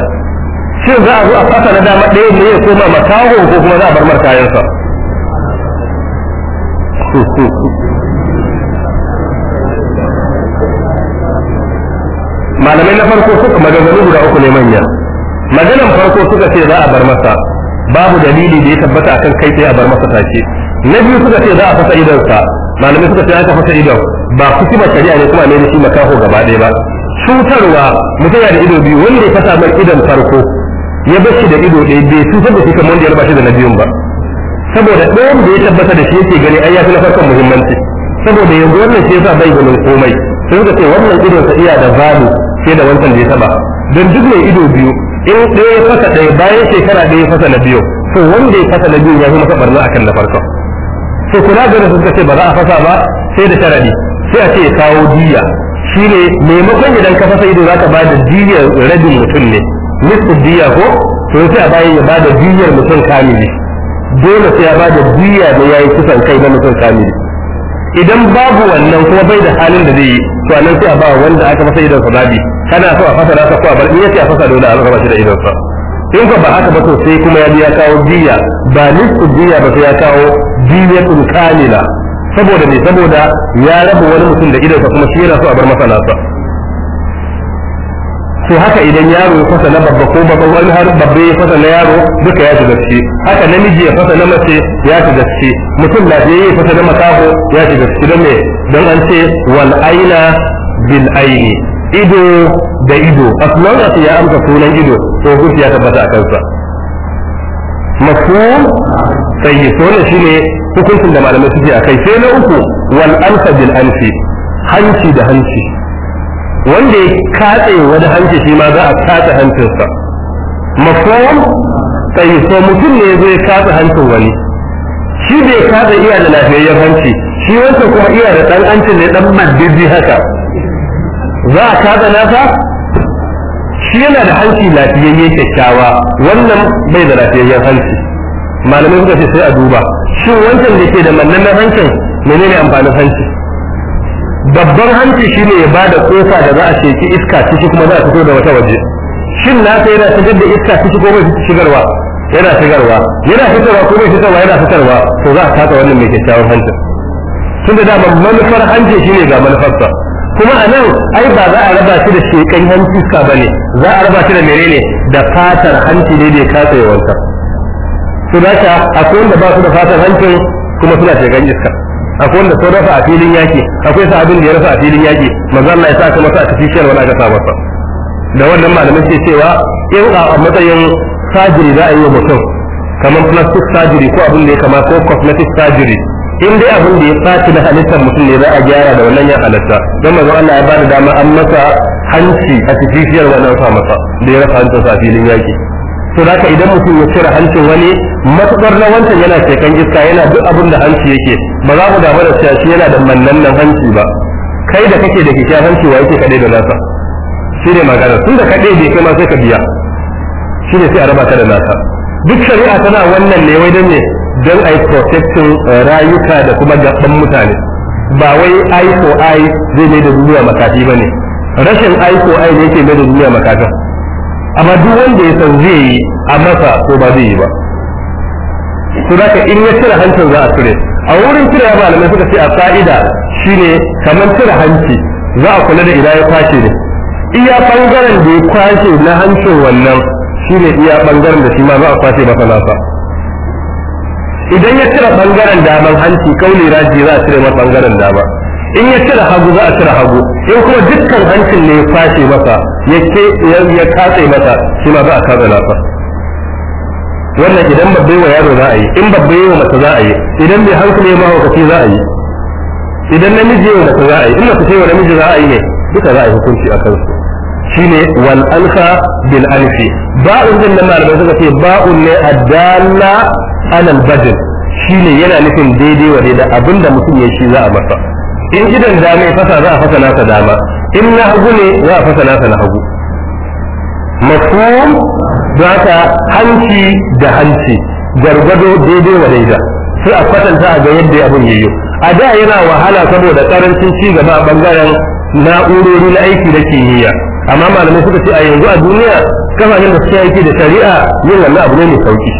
shin za a zo a fasa na dama ɗaya ne ya koma makaho ko kuma za a bar mar kayansa malamai na farko suka maganganu guda uku ne manya maganan farko suka ce za a bar masa babu dalili da ya tabbata akan kai sai a bar masa take na biyu suka ce za a fasa idonsa malamai suka ce aka fasa idon ba kuma shari'a ne kuma ne da shi makaho gaba ɗaya ba cutarwa mutum yana da ido biyu wanda ya fasa mai idon farko ya bar shi da ido ɗaya bai cutar da shi kamar wanda ya raba da na biyun ba saboda ɗayan da ya tabbata da shi yake gani ai ya fi na farkon muhimmanci saboda yanzu wannan shi yasa bai ganin komai sai suka ce wannan idon sa iya da zalu sai da wancan da ya taba don duk mai ido biyu in ɗaya fasa ɗaya bayan shekara ɗaya fasa na biyu to wanda ya fasa na biyu ya fi masa barna kan na farko to kula da rasu suka ce ba za a fasa ba sai da sharadi sai a ce ya kawo diya shine maimakon idan ka fasa ido za ka bada diyar rabin mutum ne nisfu diya ko to sai a bayan ya bada diyar mutum kamili dole sai ya bada diya da yayi kusan kai na mutum kamili idan babu wannan kuma bai da halin da zai yi to nan sai a ba wanda aka fasa idonsa sa zabi kana so a fasa da ka so a bar in yace a fasa dole a raba shi da idan sa in ka ba haka ba to sai kuma ya biya kawo diya ba nisfu diya ba sai ya kawo diyatun kamila saboda ne saboda ya raba wani mutum da idonsa sa kuma shi yana so a bar masa nasa to haka idan yaro ya fasa na babba ko babba wani har babba ya fasa na yaro duka ya shiga ciki haka namiji ya fasa na mace ya shiga ciki mutum da ya fasa na makaho ya shiga ciki don me don an ce wal aina bil aini ido da ido aslan da ya amsa sunan ido to hukunci ya tabbata a kansa mafhum sai to ne shine hukuncin da malamai suke akai sai na uku wal anfa bil anfi hanci da hanci wanda ya katse wani hanci shi ma za a katse hancinsa mafhum tsaye so mutum ne ya zo katse hancin wani shi bai katse iya da lafiyayyar hanci shi wancan kuma iya da dan hancin ne dan madidi haka za a katse nasa shi yana da hanci lafiyayye kyakkyawa wannan bai da lafiyayyar hanci malamai suka ce sai a duba shin wancan da ke da mannan hancin menene amfanin hanci babban hanci shi ne ya da kofa da za a sheki iska ciki kuma za a fito da wata waje shin na sai yana shigar da iska ciki ko bai shigarwa yana shigarwa yana fitarwa ko bai fitarwa yana fitarwa to za a taka wannan mai kyakkyawan hancin tunda da manufar hanci ne ga manufarsa kuma a nan ai ba za a raba shi da shekan hanci iska ba ne za a raba shi da menene da fatar hanci ne bai kasa yawanta su da akwai wanda ba su da fatar hancin kuma suna shekan iska akwai wanda sun rasa a filin yaki akwai sa abin da ya rasa a filin yaki maza Allah ya saka masa shiyar wani aka sa da wannan malamin ce cewa in a matsayin sajiri za a yi wa mutum kamar plastic sajiri ko abin da ya kama ko cosmetic sajiri in dai abin da ya tsaci na halittar mutum ne za a gyara da wannan ya halatta don maza Allah ya ba da dama an masa hanci artificial wani sa masa da ya rasa hancinsa a filin yaki to da ka idan mutum ya cire hancin wani matukar na wancan yana shekan iska yana duk abin da hanci yake ba za mu damu da cewa shi yana da mannan nan hanci ba kai da kake da kike hanci wa yake kaɗai da nasa shi ne magana tun da kaɗai da kai ma sai ka biya shi ne sai a raba ka da nasa duk shari'a tana wannan ne wai don ne don a yi protecting eh, rayuka da kuma gaban mutane ba wai ai ko ai zai mai da duniya makafi ba ne rashin ai ko ai ne yake mai da duniya makafi amma duk wanda ya san zai yi a masa ko ba zai yi ba su da in ya cire hancin za a cire a wurin cire ya malamai suka ce a fa'ida shine kamar cire hanci za a kula da ina ya kwashe ne iya bangaren da ya kwashe na hancin wannan shine iya bangaren da shi ma za a kwashe masa nasa idan ya cire bangaren daman hanci kauli raji za a cire masa bangaren dama in ya cire hagu za a cire hagu in kuma dukkan hancin ne ya kwashe masa ya katse masa shi ma za a kaza nasa wannan idan babbe wa yaro za a yi in babbe wa mace za a yi idan bai hankali ya mahaukaci za a yi idan namiji wa mace za a yi in mace ce wa namiji za a yi ne duka za a yi hukunci a kansu shine wal alfa bil alfi ba'un din nan malamai suka ce ba'un ne adalla alal badal shine yana nufin daidai wa daidai abinda mutum ya shi za a masa in gidan dama ya fasa za a fasa nasa dama in na hagu ne za a fasa nasa na hagu mafhum za hanci da hanci gargado daidai wa daida sai a kwatanta a ga yadda abin yayyo a da yana wahala saboda karancin ci gaba a bangaren na'urori na aiki da kimiyya amma malamai suka ce a yanzu a duniya kafafen da suke aiki da shari'a yin wannan abu ne mai sauki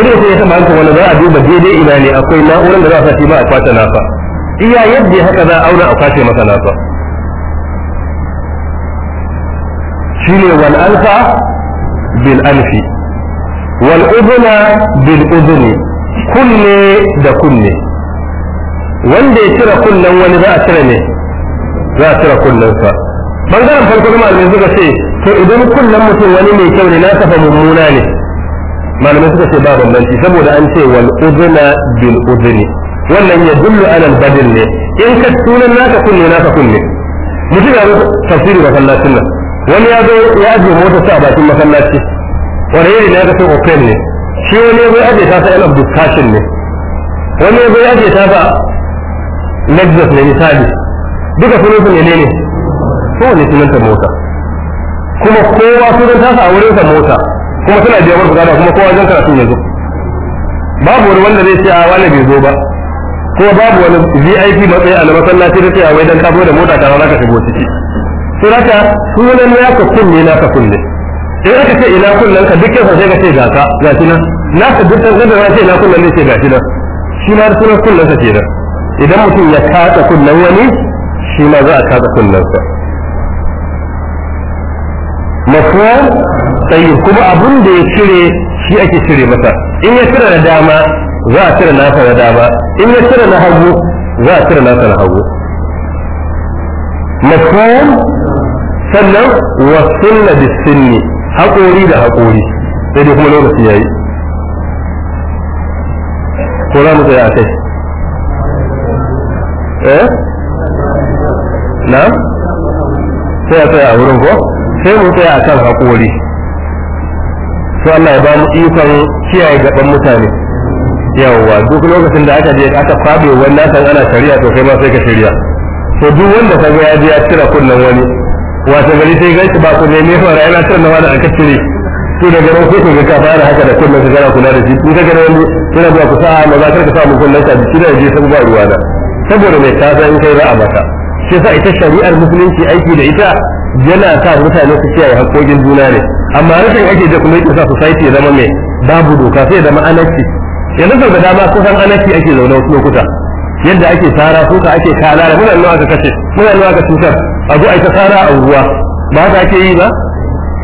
idan sai ya kama hankali wani za a duba daidai ina ne akwai na'urar da za a sa ba a kwata nafa iya yadda haka za a auna a kwace masa nasa shi ne wal alfa bil alfi wal udhuna bil udhuni kunne da kunne wanda ya cire kunnen wani za a cire ne za a cire kunnensa bangaren farko da malamai suka ce to idan kunnen mutum wani mai kyau ne na tafa mummuna ne malamai suka ce ba bambanci saboda an ce wal udhuna bil udhuni wannan ya dullu alal badil ne in ka sunan naka kunne naka kunne mutum ya zo tafsiri masallacin nan wani ya zo ya ajiye mota sa bakin masallaci wani yiri ne ka sai open ne shi wani ya zo ya ajiye ta sa yan abdukashin ne wani ya ya ajiye ta sa lexus ne misali duka sunan su ne ne ne sunan ta mota kuma kowa sunan ta sa a wurin sa mota kuma suna biyar wasu gada kuma kowa zan karatu ya zo babu wani wanda zai ce a wani bai zo ba ko babu wani VIP matsayi a masallaci da cewa wai dan kafo da mota ka za ka shigo ciki sai haka sunan ya ka kunne na ka kunne sai aka ce ina kunnen ka dukkan sai ka ce ga ka ga shi na ka dukkan da ka ce ina kunnen ne ce ga na shi na sunan kunnen ce da idan mutum ya katsa kunnen wani shi ma za a katsa kunnen sa mafuwa tsayi kuma abun da ya cire shi ake cire masa in ya cire da dama za a cire nasa na dama in ya cire na hagu za a cire nasa na hagu mafhum sannan wa sunna bis sunni haƙori da haƙori sai dai kuma lokaci yayi ko za mu tsaya a kai eh na sai a tsaya a wurin ko sai mu tsaya a kan haƙori to Allah ya ba mu ikon kiyaye gaban mutane yawwa duk lokacin da aka je aka kwabe wannan san ana shari'a to kai ma sai ka shirya to duk wanda ka ga ya je ya cira kunnan wani wata gari sai gaishe ba ku neme fara yana cire na wani aka cire to daga nan sai ku ka fara haka da kunnen ka kula da shi kun ka ga wani kina zuwa ku sa'a maza za ka sa mu ka shi da je san ba ruwa da saboda mai ta san kai ra'a a maka shi yasa ita shari'ar musulunci aiki da ita yana sa mutane su kiyaye hakkokin juna ne amma rashin ake da kuma yake sa society zama mai babu doka sai da ma'anarci yanzu sau da dama kusan anaki ake zaune wasu lokuta yadda ake tsara suka ake kala da muna nawa ka kace muna nawa ka cutar a zo a ta tsara a ruwa ba ta ake yi ba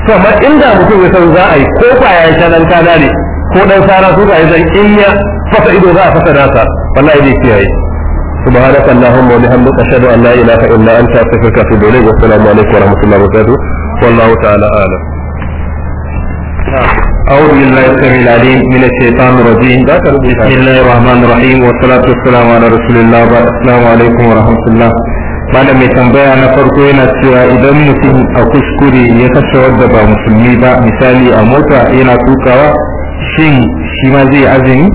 to amma inda mutum ya san za a yi ko ba ya shanan kana ne ko dan tsara suka ya san in ya fasa ido za a fasa nasa wallahi zai kiyaye سبحانك اللهم وبحمدك أشهد أن لا إله إلا أنت أستغفرك وأتوب إليك والسلام عليكم ورحمة الله وبركاته والله تعالى أعلم. أعوذ بالله السميع العليم من الشيطان الرجيم بسم الله الرحمن الرحيم والصلاة والسلام على رسول الله السلام عليكم ورحمة الله malam mai tambaya na farko yana cewa idan mutum a kuskure ya kashe wadda ba musulmi ba misali a mota yana tukawa shin shi ma zai azumi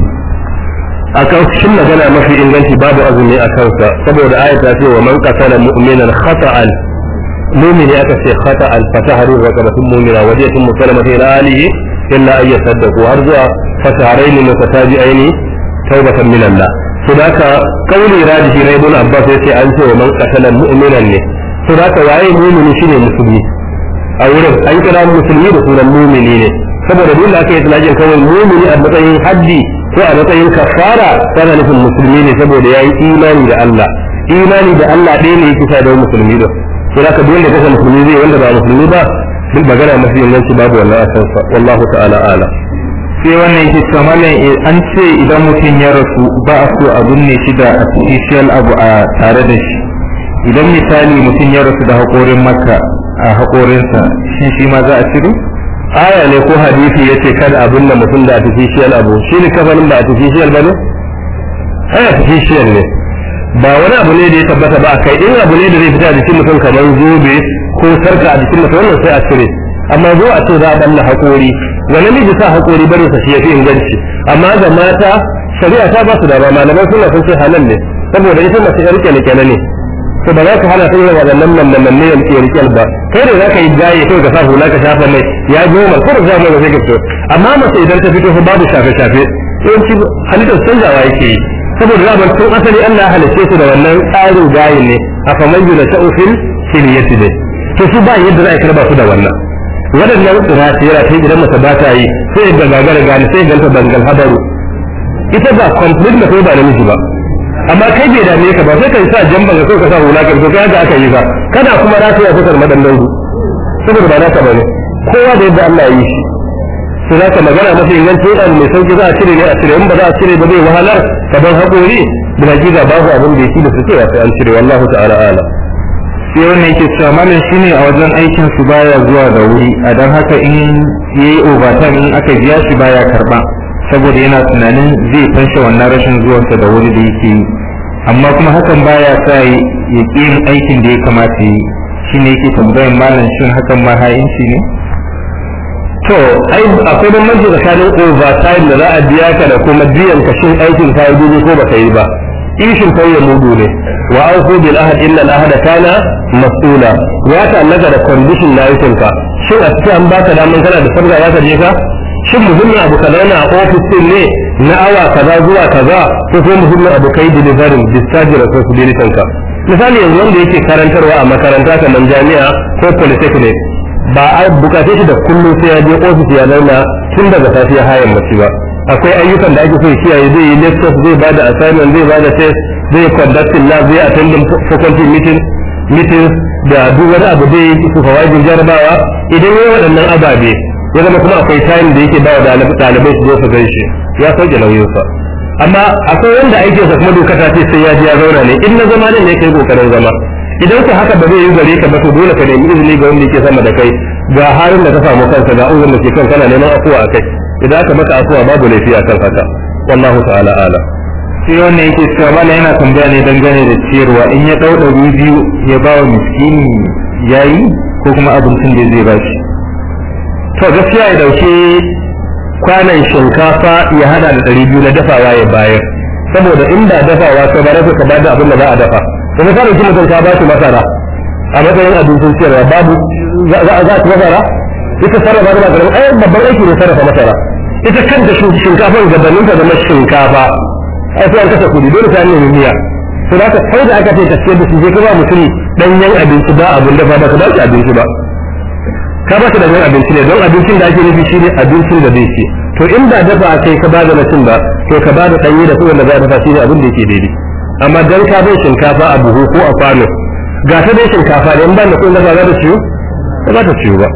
a kan shin magana mafi inganci babu azumi a kansa saboda aya ta ce wa man qatala mu'minan khata'an mu'mini aka ce khata'an fa tahrir raqabatin mu'mina wa diyatun musalamatin ila alihi illa an yasaddaqu har zuwa fasaraini mutatabi'aini tawbatan min Allah so da ka kauli rajihi na ibn abbas an ce wa man qatala mu'minan ne so da ka waye mu'mini shine musulmi a wurin an kira musulmi da sunan mu'mini ne saboda dole aka yi tilajin kawai mu'mini a matsayin haddi ko a matsayin kaffara tana nufin musulmi ne saboda yayi imani da Allah imani da Allah musulmi da ka dole ka musulmi zai wanda ba musulmi ba duk magana mafi yanzu babu wannan a kansa wallahu ta'ala ala sai wannan yake kamar malam eh, an ce idan mutum ya rasu ba a so a binne shi da official abu a tare da shi idan misali mutum ya rasu da haƙorin maka a haƙorinsa sa shi ma za a ciro aya ne ko hadisi ya ce kada a da mutum da artificial abu shi ne kafanin ba artificial ba ne aya artificial ne ba wani abu ne da ya tabbata ba a kai in abu ne da zai fita jikin mutum kamar zobe ko sarka a jikin mace wannan sai a cire amma zo a ce za a balla haƙori wani namiji sa haƙori barin sa shi yafi inganci amma ga mata shari'a ta ba su da ba malaman suna sun ce halal ne saboda ita mace yar kyalkyale ne to ba za ka hana ta yin waɗannan mallaman ne yanke rikyal ba kai da za ka yi gaye kai ka sa hula ka shafa mai ya ko da za mu sai ka amma mace idan ta fito babu shafe shafe yawanci halittar canzawa yake yi saboda zaman tun asali Allah halicce su da wannan tsarin gaye ne a faman yuna sha'ufin shirye ne to shi ba yadda za a karba su da wannan waɗannan tsira ta idan mace ba ta yi sai ga gagara gani sai ganta bangal habaru ita ba complete da kai ba namiji ba amma kai bai dame ka ba sai ka sa jamban ka ka sa hula ka ko ga aka yi ba kana kuma za ta yi kusa madannan ku saboda ba naka bane kowa da yadda Allah ya yi shi sai za ka magana mafi inganci yana mai sauki za a cire ne a cire in ba za a cire ba zai wahalar ka ban haƙori da ba babu abin da ya shi da su cewa sai an cire wallahu ta'ala ala sai wannan yake cewa malam shine a wajen aikin su baya zuwa da wuri a don haka in ya yi overtime in aka biya shi baya karba saboda yana tunanin zai fanshe wannan rashin zuwansa da wuri da yake yi amma kuma hakan baya sa ya yin aikin da ya kamata yi shine yake tambayan malam shin hakan ma ha'inci ne to ai akwai bambanci tsakanin overtime da za a biya ka da kuma biyan ka shin aikin ka yi ko ba ka yi ba ishin kai ya mudu ne wa auku bil ahad illa al ahad kana mas'ula ya ta da condition na ka shin a cikin an baka daman kana da sabga ya kaje ka shin muhimmin abu kaza a ofis din ne na awa kaza zuwa kaza ko kuma muhimmin abu kai delivery discharge responsibility ka misali yanzu wanda yake karantarwa a makaranta kamar jami'a ko polytechnic ba a bukace shi da kullum sai ya je ofis ya launa tun daga safiya hayan ci ba akwai ayyukan da ake so kiyaye zai yi lectures zai da assignment zai bada test zai conducting lab zai attending faculty meeting mitin da duk wani abu da yake su fawaidin jarabawa idan yi waɗannan ababe ya zama kuma akwai tayin da yake bawa ɗalibai su zo su gan shi ya sauke nauyinsa amma akwai wanda aikinsa kuma doka ta ce sai ya ji ya zauna ne in na zama ne ne kai kokarin zama idan ka haka ba zai yi gare ka ba to dole ka nemi izini ga wanda yake sama da kai ga halin da ka samu kanka ga uzurin da ke kan kana neman afuwa a kai idan aka maka afuwa babu laifi a kan haka wallahu ta'ala ala. sai wannan yake cewa bala yana tambaya ne dangane da ciyarwa in ya dau ɗari biyu ya ba wa miskini yayi ko kuma abincin da zai ba shi to gaskiya ya dauke kwanan shinkafa ya hada da ɗari biyu na dafawa ya bayar saboda inda dafawa ta bare suka bada abin da za a dafa kuma ka dauki mutum ka ba shi masara a matsayin abincin ciyarwa babu za a ci masara ita sarrafa da ba ai babban aiki ne sarrafa masara ita kanta shinkafa gabanin ta zama shinkafa ai sai an kasa kudi dole sai an nemi miya to da ka kai da aka ce ka ciyar da shi sai ka ba mutum abinci ba abin dafa ba ka ba shi abinci ba ka ba shi danyen abinci ne don abincin da ake nufi shine abincin da zai ci to in ba dafa a kai ka ba da mutum ba to ka ba da danye da kowanne za a dafa shine abin da yake daidai amma dan ka bai shinkafa a buhu ko a kwano ga ta bai shinkafa da in ba da kowanne za ta ciyo ba ta ciwo ba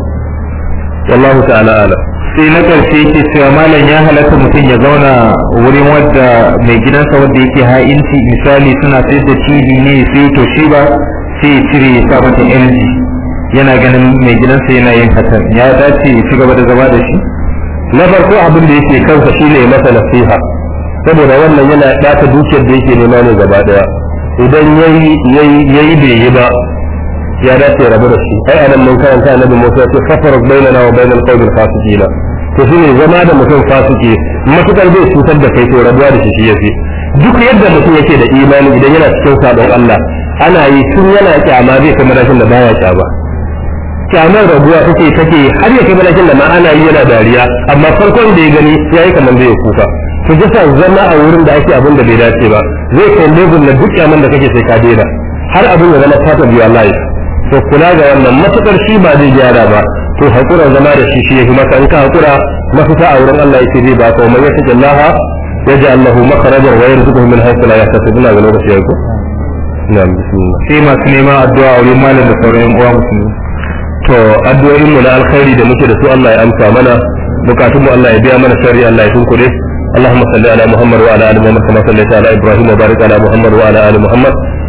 wallahu ta'ala alam sai na ƙarshe yake cewa malam ya halatta mutum ya zauna wurin wadda mai gidansa wadda yake ha'inci misali suna sayar da tv ne sai to shi ba sai ya cire ya sa mata energy yana ganin mai gidansa yana yin hatar ya dace ya ci gaba da zama da shi na farko abin da yake kansa shi ne masa nasiha saboda wannan yana ɗata dukiyar da yake nema ne gaba ɗaya idan yayi yayi bai yi ba ya dace rabu da shi ai anan mun karanta annabi Musa ya ce baina bainana wa bainal al fasiqina to shine zama da mutum fasiki matukar zai cutar da kai to rabuwa da shi shi yafi duk yadda mutum yake da imani idan yana cikin sabon Allah ana yi tun yana kyama zai kai madakin da baya kyama kyamar rabuwa take take har ya kai madakin da ma ana yi yana dariya amma farkon da ya gani yayi kaman zai kuka to jasa zama a wurin da ake abin da bai dace ba zai kai level na duk kyaman da kake sai ka daina har abin ya zama part of Allah ya to kula ga wannan matukar shi ba zai gyara ba to hakura zama da shi shi ya masa in ka hakura mafita a wurin Allah yake zai ba ka wa mai yake Allah ya ji Allahu makarajar wa yarzuquhu min haythu la yahtasib ina ga lokaci yanzu na'am bismillah sai masu neman addu'a a wurin malam da sauran uwa musulmi to addu'o'in mu na alkhairi da muke da su Allah ya amsa mana bukatun mu Allah ya biya mana sharri Allah ya tunkure اللهم صل على محمد وعلى ال محمد كما صليت على ابراهيم وبارك على محمد وعلى ال محمد